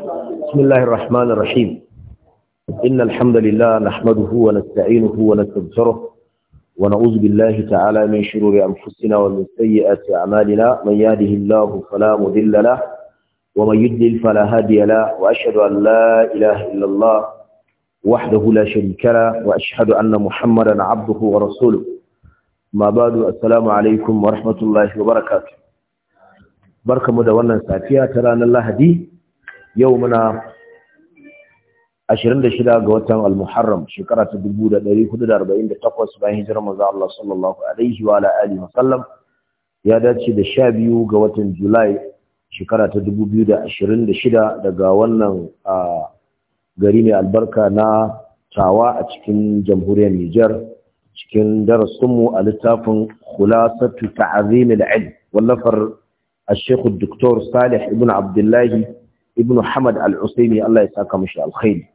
بسم الله الرحمن الرحيم إن الحمد لله نحمده ونستعينه ونستغفره ونعوذ بالله تعالى من شرور أنفسنا ومن سيئات أعمالنا من يهده الله فلا مضل له ومن يضلل فلا هادي له وأشهد أن لا إله إلا الله وحده لا شريك له وأشهد أن محمدا عبده ورسوله ما بعد السلام عليكم ورحمة الله وبركاته بركة مدونة ساتية safiya ta ranar yau muna shida ga watan al-muharram shekara ta dubu da da da hudu arba'in takwas bayan hijirar manzo Allah sallallahu alaihi wa alihi wasallam ya dace da sha biyu ga watan Julai shekara ta dubu biyu da da ashirin shida daga wannan gari mai albarka na Tawa a cikin jamhuriyar Nijar cikin darasinmu a littafin Khulasatu Ta'zim al-Ilm wallafar الشيخ الدكتور صالح ابن عبد الله ibn hamad al-usaimi Allah ya saka mishi alkhairi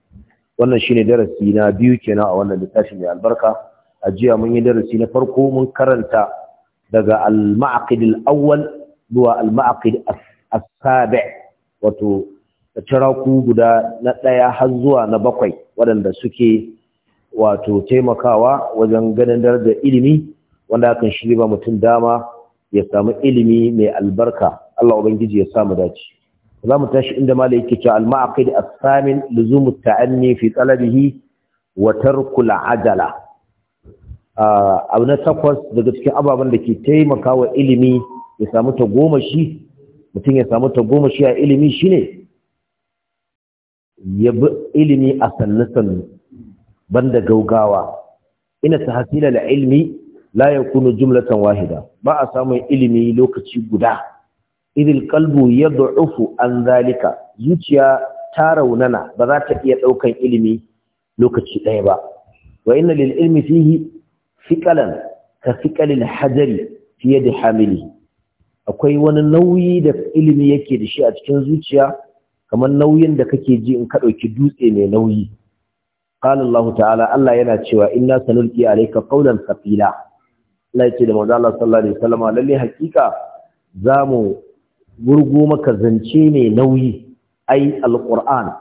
wannan shine darasi na biyu kenan a wannan littafin mai albarka a jiya mun yi darasi na farko mun karanta daga al-ma'aqid al-awwal zuwa al-ma'aqid as-sabi wato taraku guda na daya har zuwa na bakwai waɗanda suke wato taimakawa wajen ganin daraja ilimi wanda hakan shi ba mutum dama ya samu ilimi mai albarka Allah ubangiji ya samu dace za mu tashi inda mala yake cewa al-ma'aqid as-samin luzumu ta'anni fi talabihi wa tarkul ajala abu na takwas daga cikin ababen da ke taimaka wa ilimi ya samu ta goma shi, mutum ya samu ta goma shi a ilimi shine ya bi ilimi a sannu banda gaugawa ina ta hasila da ilmi la ya kunu jumlatan wahida ba a samun ilimi lokaci guda idil ya yad'ufu an zalika zuciya ta raunana ba za ta iya ɗaukan ilimi lokaci ɗaya ba wa inna lil ilmi fihi fiqalan ka fiqalil hajari fi yadi hamili akwai wani nauyi da ilimi yake da shi a cikin zuciya kamar nauyin da kake ji in ka ɗauki dutse mai nauyi qala Allah ta'ala Allah yana cewa inna sanulqi alayka qawlan thaqila Allah da manzo Allah sallallahu alaihi wasallam lalle hakika zamu wurgo maka zance mai nauyi ai alquran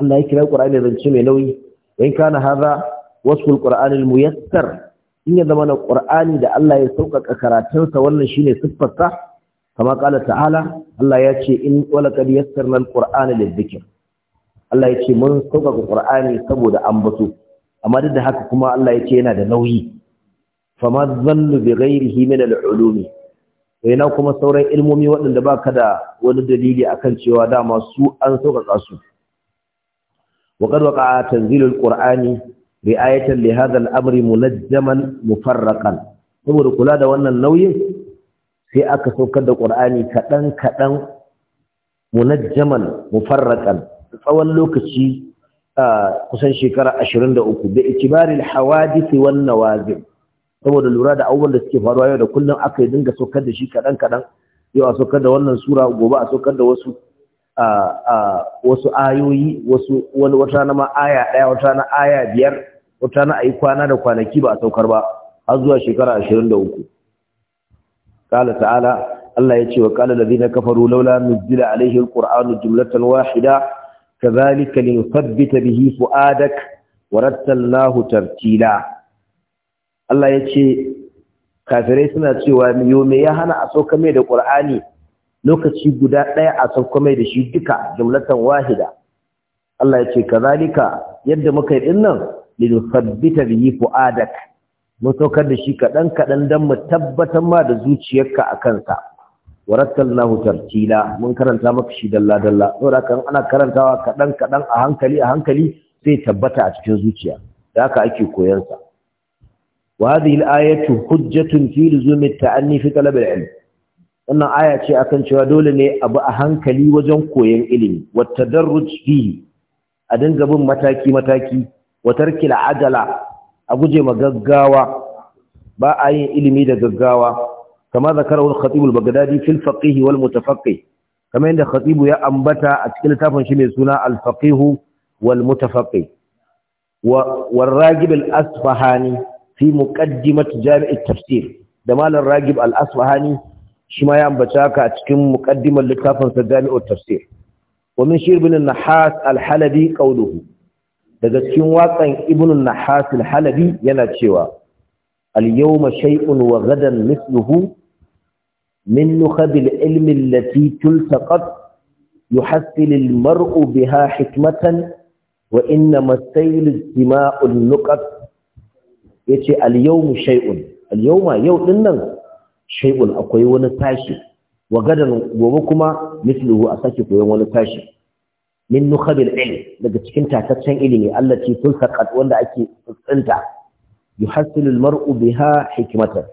Allah ya kira qur'ani zance mai nauyi in kana hadha wasful qur'an almuyassar in ya zama na qur'ani da Allah ya sauƙaƙa karatunsa wannan shine siffarsa kama kala ta'ala Allah ya ce in walaqad yassarna alqur'ana lidhikr Allah ya ce mun sauƙaƙa qur'ani saboda ambato amma duk da haka kuma Allah ya ce yana da nauyi fama dhannu bi ghairihi min al'ulumi ina kuma sauran ilmomi waɗanda ba ka da wani dalili akan cewa dama su an sauƙaƙa su وقد وقع تنزيل القرآن رعاية لهذا الأمر منجما مفرقا saboda kula da wannan nauyin sai aka saukar da Qur'ani kadan kadan munajjaman mufarraqan tsawon lokaci ah, kusan shekara 23 bi itibari hawa hawadith wan nawazil saboda lura da abubuwan da suke faruwa yau da kullum aka yi dinga saukar da shi kaɗan kaɗan yau a saukar da wannan sura gobe a saukar da wasu a a wasu ayoyi wasu wani wata na ma aya ɗaya wata na aya biyar wata na ayi kwana da kwanaki ba a saukar ba har zuwa shekara ashirin da uku kala ta'ala Allah ya ce wa kala da kafaru laula nuzila alaihi alquran jumlatan wahida kadhalika linuthabbita bihi fuadak warattalnahu tartila Allah ya ce kafirai suna cewa yo ya hana a sauka mai da Qur'ani lokaci guda ɗaya a sauka mai da shi duka jumlatan wahida Allah ya ce kazalika yadda muka yi dinnan linusabbita yi fuadak mu saukar da shi kadan kadan dan mu tabbatar ma da zuciyarka akan sa hutar, tartila mun karanta maka shi dalla dalla saboda kan ana karantawa kaɗan kaɗan a hankali a hankali sai tabbata a cikin zuciya da haka ake koyansa وهذه الآية حجة في ta التأني في طلب العلم wannan aya ce akan cewa dole ne abu a hankali wajen koyon ilimi wata darruj a dinga bin mataki-mataki watar kila ajala a guje ma gaggawa ba a yin ilimi da gaggawa kama zakarul khatibul bagdadi fil faqih wal mutafaqqih kama inda khatibu ya ambata a cikin littafin shi mai suna al faqih wal mutafaqqih wa waragib asfahani fi muqaddimat jami'at tafsir da malam ragib al-asfahani shi ma ya ambata a cikin muqaddimar littafin sa jami'at tafsir wa min shir ibn nahas al-halabi qawluhu daga cikin waƙan ibn nahas al-halabi yana cewa al-yawma shay'un wa ghadan mithluhu min nukhab al-ilm allati tultaqat hikmatan wa بها حكمة وإنما السيل اجتماع النقط yace al-yawmu shay'un al-yawma yau din nan shay'un akwai wani tashi wa gadan gobe kuma misluhu a sake koyon wani tashi min nukhabil ilm daga cikin tataccen ilimi Allah allati tulsaqat wanda ake tsinta yuhassilu al-mar'u biha hikmatan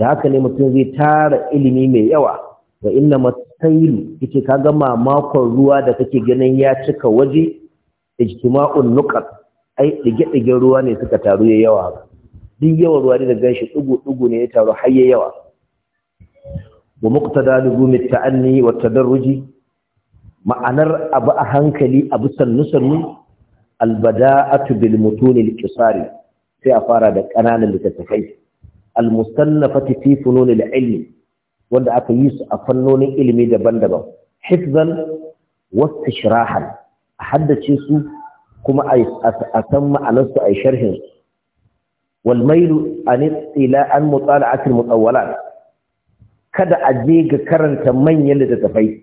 da haka ne mutum zai tara ilimi mai yawa wa inna matsayilu yake kaga mamakon ruwa da kake ganin ya cika waje ijtima'un nuqat ai dige-digen ruwa ne suka taru ya yawa duk yawan ruwa da gan shi ɗugu-ɗugu ne ya taru har ya yawa wa muqtada luzumi ta'anni wa tadarruji ma'anar abu a hankali abu sannu-sannu albada'atu bil mutunil qisari sai a fara da ƙananan littattafai al mustannafati fi fununil ilmi wanda aka yi su a fannonin ilimi daban-daban hifzan wa istishrahan a haddace su kuma a san ma'anarsu a sharhin su والميل mailu an ان مطالعه المطولات kada a je ga karanta manyan littattafai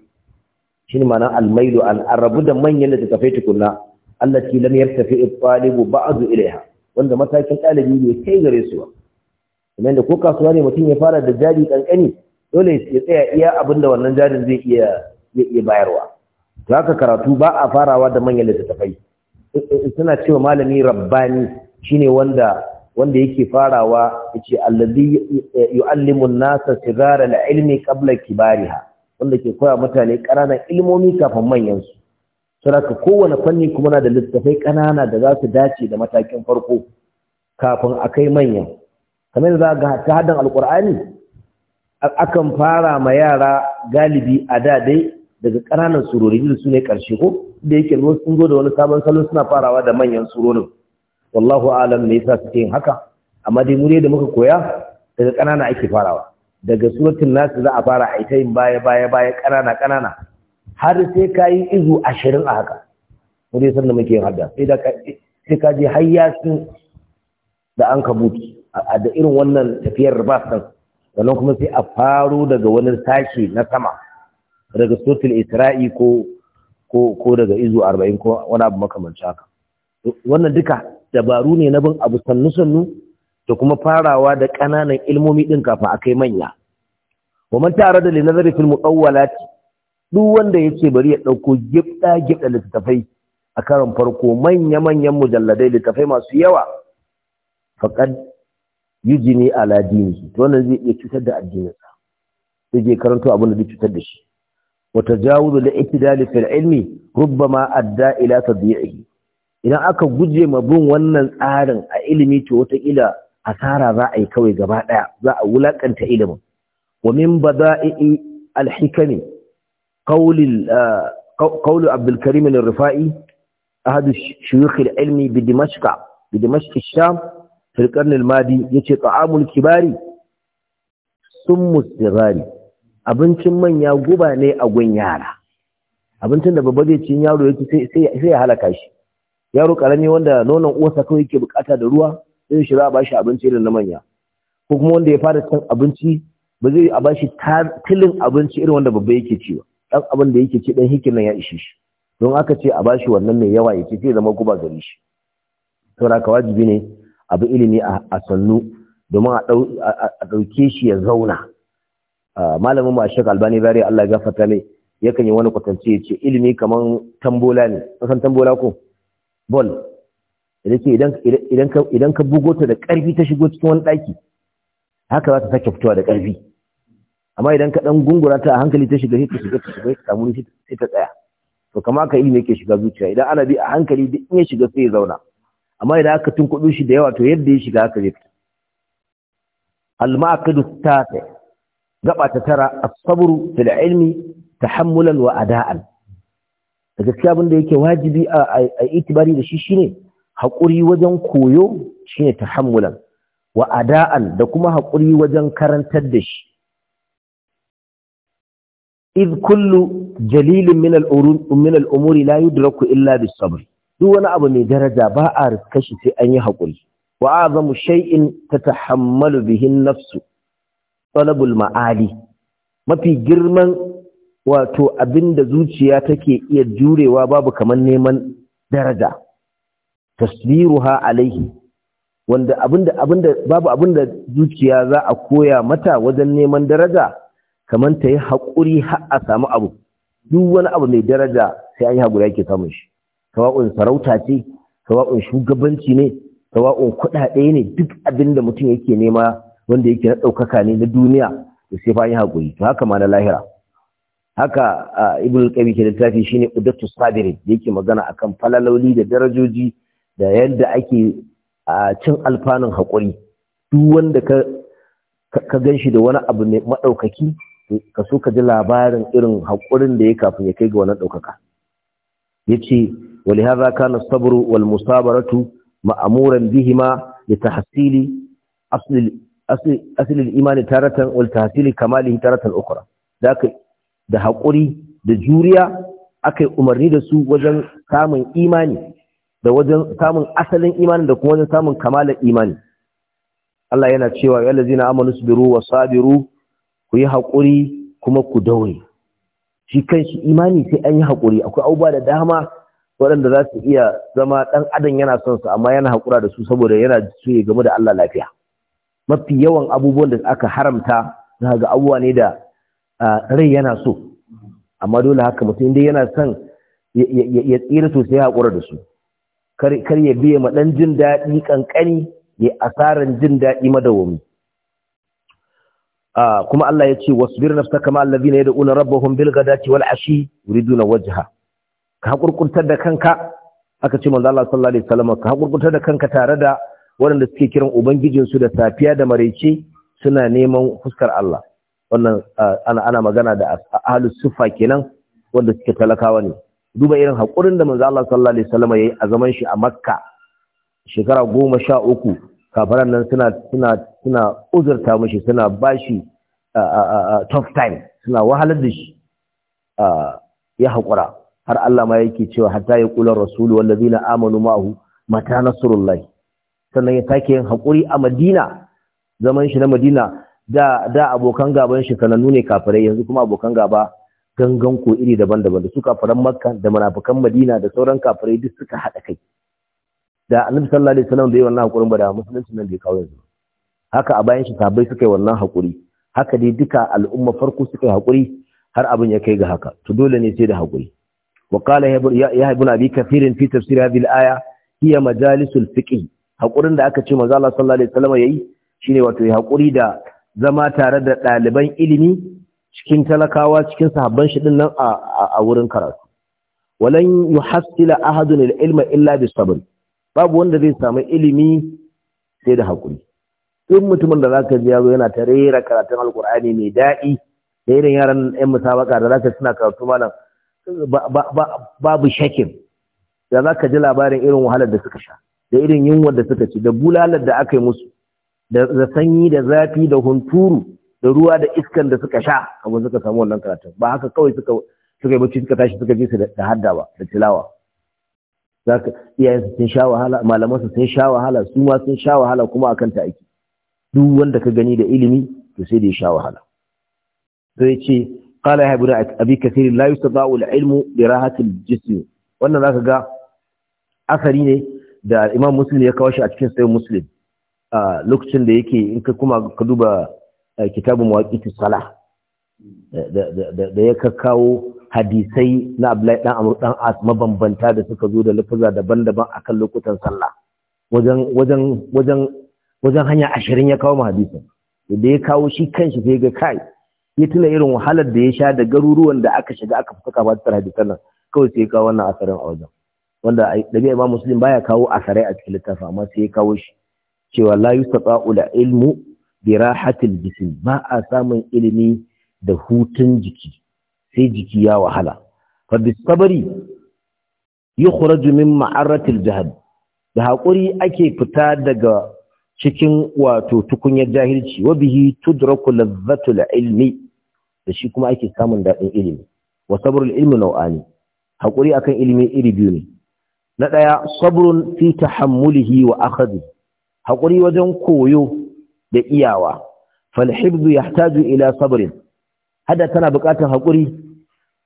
shine ma'ana al an arabu da manyan littattafai tukunna allati lam yartafi al talibu ba'du ilaiha wanda matakin ɗalibi ne kai gare su kuma da ko kasuwa ne mutum ya fara da jari kankani dole ya tsaya iya abinda wannan jarin zai iya ya bayarwa to haka karatu ba a farawa da manyan littattafai suna cewa malami rabbani shine wanda wanda yake farawa yace alladhi yu'allimu an-nasa sigara al-ilmi qabla kibariha wanda ke koya mutane ƙananan ilmomi kafin manyan su saboda kowane fanni kuma na da littafai kanana da za su dace da matakin farko kafin akai kai manyan kamar za ga ta hadan qurani akan fara ma yara galibi a da dai daga ƙananan surori da su ne ƙarshe ko da yake sun zo da wani sabon salo suna farawa da manyan surorin wallahu alam me yasa suke yin haka amma dai mure da muka koya daga kanana ake farawa daga suratul nas za a fara aita yin baya baya baya kanana ƙanana har sai kayi izu ashirin a haka mure san da muke yin hadda sai da sai ka ji har da an kabuti da irin wannan tafiyar ba din sannan kuma sai a faro daga wani sashi na sama daga suratul isra'i ko ko ko daga izu 40 ko wani abu makamancin haka wannan duka dabaru ne na bin abu sannu-sannu da kuma farawa da ƙananan ilmomi ɗin kafa a kai manya waman tare da linazari fil muqawwalat duk wanda yace bari ya ɗauko gibda gibda littattafai a karon farko manya-manyan mujalladai littattafai masu yawa faƙad yujini ala dini to wannan zai iya cutar da addininsa sai je karanto abin da zai cutar da shi wa tajawuzu li iktidali fil ilmi rubbama adda ila tadyi'ihi idan aka guje ma bin wannan tsarin a ilimi to ila, asara za a yi kawai gaba ɗaya za a wulaƙanta ilimin wa min bada'i alhikami ah, qawlu abdul karim al-rifa'i ahad shuyukh al-ilmi bi dimashq bi dimashq ash-sham fi qarn al-madi yace ta'amul kibari summu sirari abincin manya guba ne a gun yara abincin da babba zai ci yaro yake sai sai ya halaka shi yaro karami wanda nonon uwarsa kawai yake bukata da ruwa sai shi za a bashi abinci irin na manya ko kuma wanda ya fara cin abinci ba zai a bashi tilin abinci irin wanda babba yake ci ba dan abin da yake ci dan hikin ya ishe shi don aka ce a bashi wannan mai yawa ya ce zai zama guba gare shi saboda ka wajibi ne abu ilimi a sannu domin a ɗauke shi ya zauna malamin mu a shek albani bari allah ya gafarta mai yakan yi wani kwatance ya ce ilimi kaman tambola ne Kusan tambola ko ball idan ka bugo ta da ƙarfi ta shigo cikin wani ɗaki haka za ta sake fitowa da ƙarfi amma idan ka ɗan gungura ta a hankali ta shiga ta shiga ta shiga ta sai ta tsaya to kama ka ilimi yake shiga zuciya idan ana bi a hankali duk in ya shiga sai ya zauna amma idan aka tunkuɗo shi da yawa to yadda ya shiga haka zai fita al-ma'aqidu tata gaba ta tara as-sabru fil ilmi tahammulan wa ada'an da gaskiya abin da yake wajibi a itibari da shi shine haƙuri wajen koyo shine tahammulan wa ada'an da kuma haƙuri wajen karantar da shi iz kullu jalilin min al-umuri la yudraku illa bis sabr duk wani abu mai daraja ba a riskashi sai an yi haƙuri wa azamu shay'in tatahammalu bihi an-nafsu talabul ma'ali mafi girman wato abinda zuciya take iya jurewa babu kamar neman daraja tasbiruha alaihi wanda abinda abinda babu abinda zuciya za a koya mata wajen neman daraja kamar ta yi haƙuri har a samu abu duk wani abu mai daraja sai an yi haƙuri ake samun shi sawa'un sarauta ce sawa'un shugabanci ne sawa'un kuɗaɗe ne duk abinda mutum yake nema wanda yake na ɗaukaka ne na duniya sai fa yi haƙuri to haka ma na lahira haka ibn qayyim ke littafi shine udatu sabirin yake magana akan falaloli da darajoji da yadda ake cin alfanun hakuri duk wanda ka ka ganshi da wani abu mai madaukaki ka so ka ji labarin irin hakurin da ya kafin ya kai ga wannan daukaka yace ولهذا كان الصبر والمصابرة مأمورا بهما لتحصيل أصل, أصل, أصل الإيمان تارة والتحصيل كماله تارة أخرى ذاك da haƙuri da juriya aka yi umarni da su wajen samun imani da wajen samun asalin imani da kuma wajen samun kamalar imani Allah yana cewa ya lazina amanu biru wa sabiru ku yi haƙuri kuma ku daure shi kanshi imani sai an yi haƙuri akwai abubuwa da dama waɗanda za su iya zama ɗan adam yana son su amma yana haƙura da su saboda yana so ya gamu da Allah lafiya mafi yawan abubuwan da aka haramta za ga abubuwa ne da rai yana so amma dole haka mutum inda yana son ya tsira sosai ya haƙura da su kar ya biya ma ɗan jin daɗi ƙanƙani ya asaran jin daɗi madawami kuma Allah ya ce wasu birnin nafsa kama Allah allazina yad'una rabbahum bil ghadati wal ashi waje ha. ka haƙurƙuntar da kanka aka ce manzo Allah sallallahu alaihi wasallam ka haƙurƙuntar da kanka tare da waɗanda suke kiran ubangijinsu da safiya da maraice suna neman fuskar Allah wannan ana ana magana da ahlus sufa kenan wanda suke talakawa ne duba irin hakurin da manzo Allah sallallahu alaihi wasallam yayi a zaman shi a Makka shekara 13 kafaran nan suna suna suna uzurta mishi suna bashi tough time suna wahalar da shi ya hakura har Allah ma yake cewa hatta ya kula rasulu wallazina amanu ma'ahu mata nasrullahi sannan ya sake yin hakuri a Madina zaman shi na Madina da da abokan gaban shi sanannu ne kafirai yanzu kuma abokan gaba gangan ko iri daban-daban da su kafiran makka da munafikan madina da sauran kafirai duk suka hada kai da annabi sallallahu alaihi wasallam bai wannan hakurin ba da musulunci nan bai kawo yanzu haka a bayan shi sabai suka yi wannan hakuri haka dai duka al'umma farko suka yi hakuri har abin ya kai ga haka to dole ne sai da hakuri wa qala ya ibn abi kafirin fi tafsir hadhihi al-aya hiya majalisul fiqh hakurin da aka ce manzo Allah sallallahu alaihi wasallam yayi shine wato ya hakuri da zama tare da ɗaliban ilimi cikin talakawa cikin sahabban shi din nan a wurin karatu walan yuhassila ahadun da ilma illa bis-sabr babu wanda zai samu ilimi sai da hakuri in mutumin da zaka ji yazo yana ta rera karatun alqur'ani mai daɗi da irin yaran yan musabaka da zaka suna karatu malam babu shakin da zaka ji labarin irin wahalar da suka sha da irin yunwar da suka ci da bulalar da aka yi musu da sanyi da zafi da hunturu da ruwa da iskan da suka sha kamar suka samu wannan karatun ba haka kawai suka suka yi bacci suka tashi suka ji su da hadda ba da tilawa zaka iyayen sun sha wahala malaman sun sha wahala su ma sun sha wahala kuma akan ta aiki duk wanda ka gani da ilimi to sai da ya sha wahala to yace qala ya ibn abi kathir la yustata'u al-ilmu bi rahati al-jism wannan zaka ga asari ne da imam muslim ya kawo shi a cikin sahih muslim lokacin da yake in ka kuma ka duba kitabun waqitus salah da ya kakkawo hadisai na Abdullahi ɗan amur ɗan As mabambanta da suka zo da lafaza daban-daban a kan lokutan sallah wajen hanya ashirin ya kawo mu da ya kawo shi kanshi sai ga kai ya tuna irin wahalar da ya sha da garuruwan da aka shiga aka fi suka fasitar hadisan nan kawai sai ya kawo wannan asarin a wajen wanda ɗabi'a Imam Muslim baya kawo asarai a cikin littafi, amma sai ya kawo shi cewa la yustata'u ilmu bi rahatil jism ba a samun ilimi da hutun jiki sai jiki ya wahala fa bisabri yukhraju min ma'aratil jahd da hakuri ake fita daga cikin wato tukunyar jahilci wa bihi tudraku ladhatul ilmi da shi kuma ake samun dadin ilimi wa sabrul ilmi nau'ani hakuri akan ilimi iri biyu ne na daya sabrun fi tahammulihi wa akhadhihi haƙuri wajen koyo da iyawa falhibdu yahtaju ila sabarin. hada tana bukatar haƙuri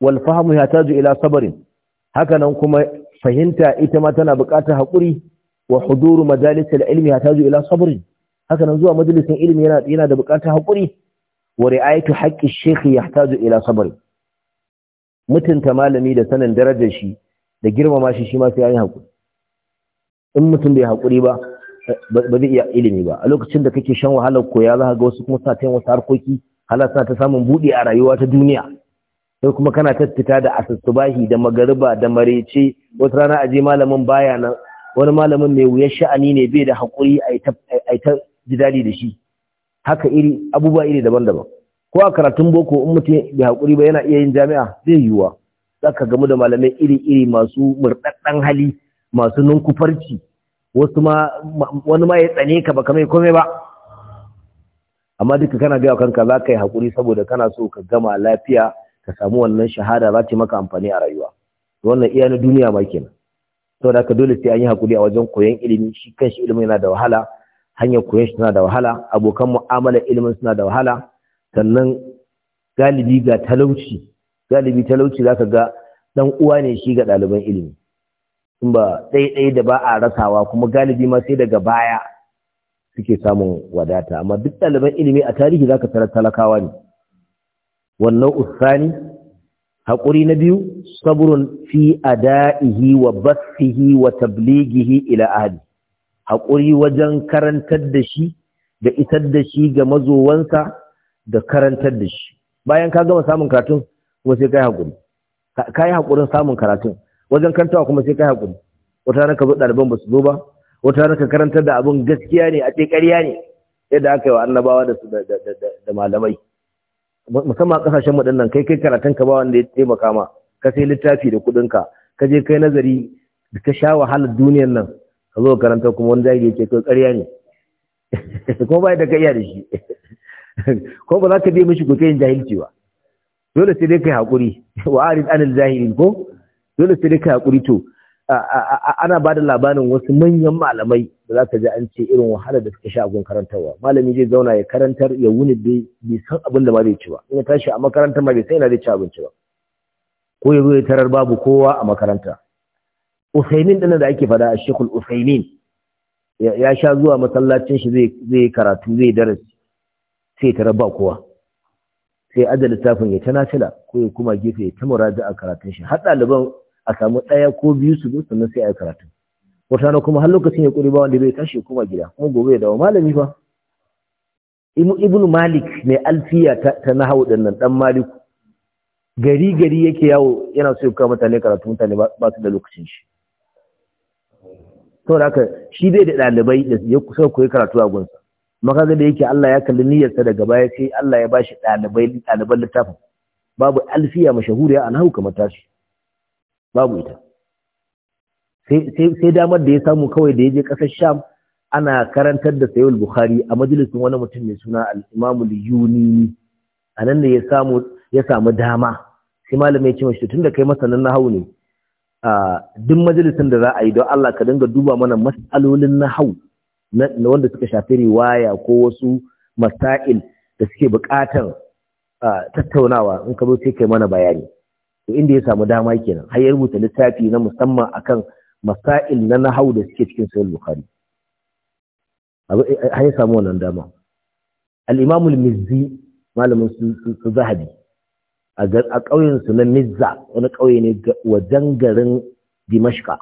wal fahmu yahtaju ila sabarin. haka kuma fahimta ita ma tana buƙatar haƙuri wa huduru majalisil ilmi yahtaju ila sabarin. haka zuwa majalisin ilmi yana yana da bukatar haƙuri wa ri'ayatu haqqi shaykh yahtaju ila sabarin? mutunta malami da sanin darajar shi da girmama shi shi ma sai an haƙuri in mutum bai haƙuri ba ba zai iya ilimi ba a lokacin da kake shan wahalar koya za ga wasu kuma suna ta wasu harkoki hala suna ta samun buɗe a rayuwa ta duniya sai kuma kana ta fita da asusubahi da magariba da marece wata rana aje malamin baya nan wani malamin mai wuyar sha'ani ne bai da haƙuri a ta jidali da shi haka iri abubuwa iri daban-daban ko a karatun boko in mutum bai haƙuri ba yana iya yin jami'a zai yiwuwa za ka gamu da malamai iri-iri masu murɗaɗɗen hali masu nunkufarci wasu ma wani ma ya tsane ka baka mai komai ba amma duka kana gaya kanka za ka yi haƙuri saboda kana so ka gama lafiya ka samu wannan shahada za ta maka amfani a rayuwa wannan iya na duniya ma kenan saboda haka dole sai an yi haƙuri a wajen koyon ilimi shi kan shi ilimin yana da wahala hanyar koyon shi tana da wahala abokan mu'amala ilimin suna da wahala sannan galibi ga talauci galibi talauci za ka ga dan uwa ne shi ga ɗaliban ilimi sun ba ɗaiɗai da ba a rasawa kuma galibi ma sai daga baya suke samun wadata amma duk ɗaliban ilimi a tarihi za ka tarar talakawa ne wannan usani haƙuri na biyu saburun fi ada'ihi wa basihi wa tablighihi ila ahli haƙuri wajen karantar da shi da isar da shi ga mazowansa da karantar da shi bayan ka gama samun karatun kuma sai kai haƙuri samun karatun wajen kantawa kuma sai kai hakuri wata ranar ka zo ɗaliban ba su zo ba wata ranar ka karantar da abin gaskiya ne a ce ƙarya ne yadda aka yi wa annabawa da su da malamai musamman a ƙasashen waɗannan kai kai karatun ka ba wanda ya taimaka ma ka sai littafi da kuɗinka ka je kai nazari da ka sha wahalar duniyar nan ka zo karanta kuma wani zagi ce kai ƙarya ne ko ba da ka iya da shi ko ba za ka biya mishi kuke yin jahilci ba dole sai dai kai haƙuri wa arid anil jahilin ko dole sai dai ka hakuri to ana ba da labarin wasu manyan malamai da za ka ji an ce irin wahala da suka sha gun karantarwa malami zai zauna ya karantar ya wuni bai san abin da ma zai ci ba in ya tashi a makaranta ma bai san ina zai ci abinci ba ko ya zo ya tarar babu kowa a makaranta Usaimin dinnan da ake fada a shekul Usaimin ya sha zuwa masallacin shi zai zai karatu zai darasi sai tarar ba kowa sai ajiye littafin ya ta nafila ko ya kuma gefe ya ta muraja a karatun shi har ɗaliban a samu ɗaya ko biyu su zo na sai a yi karatu wata na kuma har lokacin ya ƙuri ba wanda bai tashi kuma gida kuma gobe ya dawo malami fa ibnu malik mai alfiya ta nahau din nan ɗan malik gari gari yake yawo yana so ya kawo mutane karatu mutane ba su da lokacin shi saboda haka shi dai da ɗalibai da ya kusa koyi karatu a gunsa makaza da yake Allah ya kalli niyyarsa daga baya sai Allah ya bashi ɗalibai ɗaliban littafin babu alfiya mashahuriya a nahu kamar tashi babu ita sai damar da ya samu kawai da ya je kasar sham ana karantar da sayul bukhari a majalisin wani mutum mai suna al-imamul yuni a nan da ya samu dama sai malamai ya ce mashi da kai masanin nahau ne duk majalisin da za a yi don Allah ka dinga duba mana matsalolin nahau na wanda suka shafi riwaya ko wasu masail da suke buƙatar tattaunawa in ka zo sai kai mana bayani to inda ya samu dama kenan har ya rubuta littafi na musamman akan masail na nahau da suke cikin sahih bukhari har ya samu wannan dama al-imam al-mizzi malamin su zahabi a ƙauyen su na mizza wani ƙauye ne wajen garin dimashka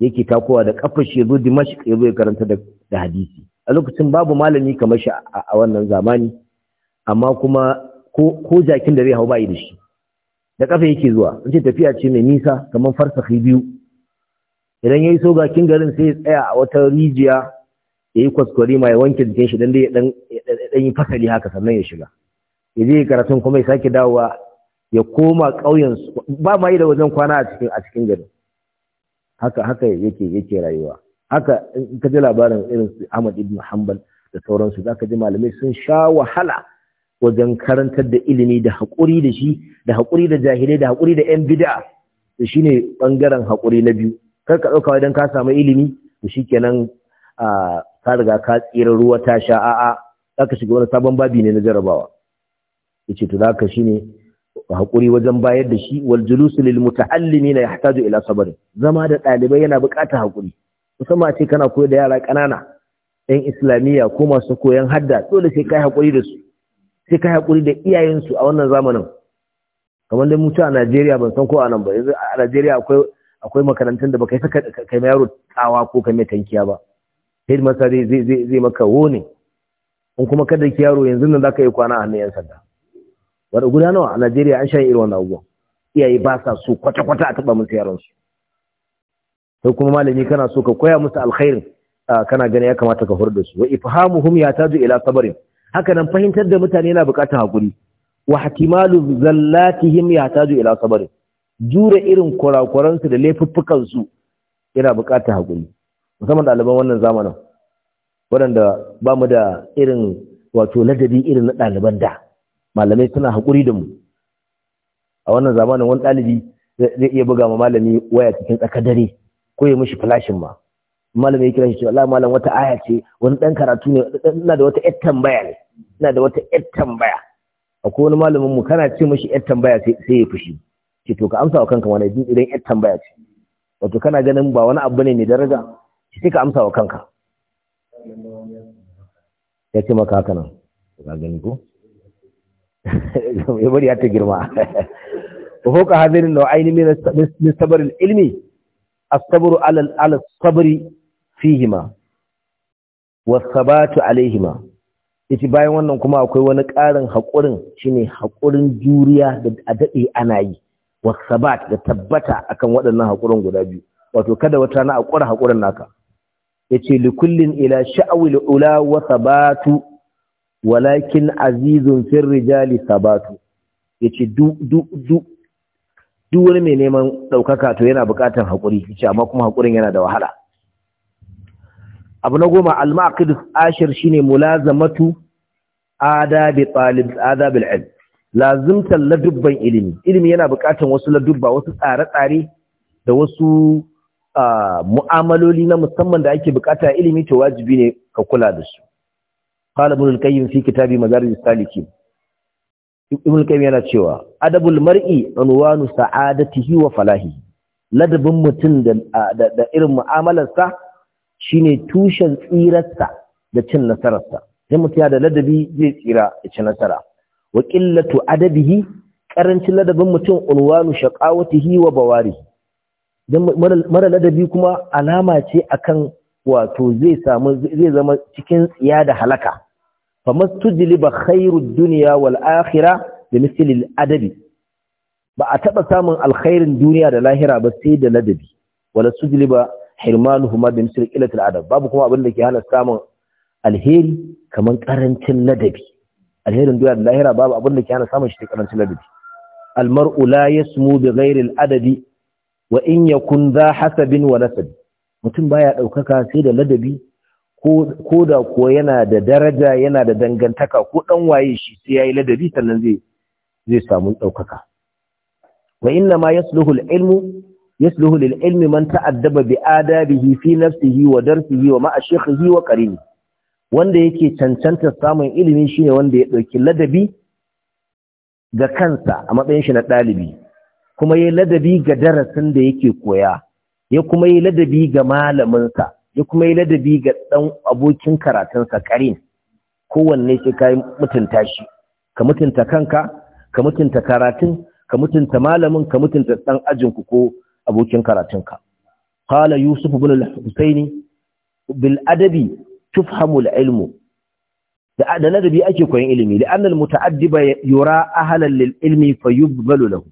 yake takowa da kafar shi yazo dimashka yazo ya karanta da hadisi a lokacin babu malami kamar shi a wannan zamani amma kuma ko jakin da zai hau bayi da shi da kafa yake zuwa in ce tafiya ce mai nisa kamar farsakhi biyu idan ya so gakin garin sai ya tsaya a wata rijiya ya yi kwaskwari mai ya wanke jikin shi dan dai ya yi fasali haka sannan ya shiga ya je karatun kuma ya sake dawowa ya koma ƙauyen ba ma yi da wajen kwana a cikin a cikin garin haka haka yake yake rayuwa haka in ka ji labarin irin su Ahmad ibn Hanbal da sauransu zaka ji malamai sun sha wahala wajen karantar da ilimi da haƙuri da shi da haƙuri da jahilai da haƙuri da 'yan bid'a shi ne bangaren haƙuri na biyu kar ka ɗauka idan ka samu ilimi to nan, ka riga ka tsira ruwa ta sha a'a ka shiga wani sabon babi ne na jarabawa ce to shi ne, haƙuri wajen bayar da shi wal julusu lil na yahtaju ila sabr zama da ɗalibai yana buƙatar haƙuri musamman ce kana koyar da yara ƙanana 'yan islamiyya ko masu koyon hadda dole sai yi haƙuri da su sai ka haƙuri da iyayensu a wannan zamanin kamar da mutu a Najeriya ban san ko a nan ba yanzu a Najeriya akwai akwai makarantun da kai saka kai ma yaro tsawa ko kai mai tankiya ba sai masa zai zai maka wone in kuma kada ki yaro yanzu nan zaka yi kwana a hannun sanda wanda guda nawa a Najeriya an shan irin wannan abubuwan iyaye ba sa so kwata kwata a taɓa musu yaron su sai kuma malami kana so ka koya musu alkhairin kana gani ya kamata ka da su wa ifhamuhum taju ila sabrin haka nan fahimtar da mutane yana bukatar hakuri wa hakimalu zallatihim yahtaju ila sabr jure irin kurakuran su da laifuffukan su yana bukatar hakuri musamman ɗaliban wannan zamanin waɗanda ba mu da irin wato ladabi irin na ɗaliban da malamai suna hakuri da mu a wannan zamanin wani ɗalibi zai iya buga ma malami waya cikin tsakadare ko ya mishi flashin ma malam ya kira shi cewa Allah malam wata aya ce wani dan karatu ne ina da wata yar tambaya ne ina da wata yar tambaya akwai wani malamin mu kana ce mishi yar tambaya sai ya fushi ce to ka amsa wa kanka wani idan yar tambaya ce wato kana ganin ba wani abu ne mai daraja sai ka amsa wa kanka ya ce maka haka nan ka gani ko ya bari ya ta girma وفوق هذين النوعين من الصبر العلمي الصبر على sabari. fihima wasabatu alaihima yace bayan wannan kuma akwai wani ƙarin haƙurin shine haƙurin juriya da a daɗe ana yi wasabat da tabbata akan waɗannan haƙurin guda biyu wato kada wata na haƙura haƙurin naka yace likullin ila sha'awil ula wasabatu walakin azizun fir rijali sabatu yace du du duk wani mai neman ɗaukaka to yana buƙatar haƙuri yace amma kuma haƙurin yana da wahala abu na goma al-maqidus ashir shine mulazamatu adabi talib adab al-ilm lazimtar ladubban ilimi ilimi yana buƙatar wasu ladubba wasu tsare-tsare da wasu mu'amaloli na musamman da ake buƙata ilimi to wajibi ne ka kula da su qala ibn al-qayyim fi kitabi madarij salikin ibn al-qayyim yana cewa adabul mar'i anwanu sa'adatihi wa falahi ladabin mutum da irin mu'amalarsa Shi ne tushen tsirarsa da cin nasararsa zai mutu ya da ladabi zai tsira ya ci nasara wa qillatu adabihi ƙarancin ladabin mutum unwanu hi wa bawari mara ladabi kuma alama ce akan wato zai samu zai zama cikin tsiya da halaka ba khairu dunya wal akhirah bi misli al adabi ba a taɓa samun alkhairin duniya da lahira ba sai da ladabi wala ba. hirmanuhuma bi misri qillatil adab babu kuma abin da ke hana samun alheri kaman karancin ladabi alherin doya da lahira babu abin da ke hana samun shi karancin ladabi almar'u la yasmu bi ghairi al'adabi wa in yakun za hasabin wa nasab mutum baya daukaka sai da ladabi ko da kuwa yana da daraja yana da dangantaka ko dan waye shi sai yayi ladabi sannan zai zai samu daukaka wa inna ma yasluhu al-ilmu yasluhu lil ilmi man ta'addaba bi adabihi fi nafsihi wa darsihi wa ma'a shaykhihi wa qarini wanda yake cancanta samun ilimi shine wanda ya dauki ladabi ga kansa a matsayin shi na dalibi kuma yayi ladabi ga darasin da yake koya ya kuma yi ladabi ga malaminsa ya kuma yi ladabi ga ɗan abokin karatunsa ƙarin kowanne shi ka mutunta shi ka mutunta kanka ka mutunta karatun ka mutunta malamin ka mutunta ɗan ajinku ko abokin karatunka Kala yusuf ibn al-husaini bil adabi tufhamu al-ilmu da nadabi ladabi ake koyon ilimi da annal muta'addiba yura ahlan lil ilmi fayubbalu lahu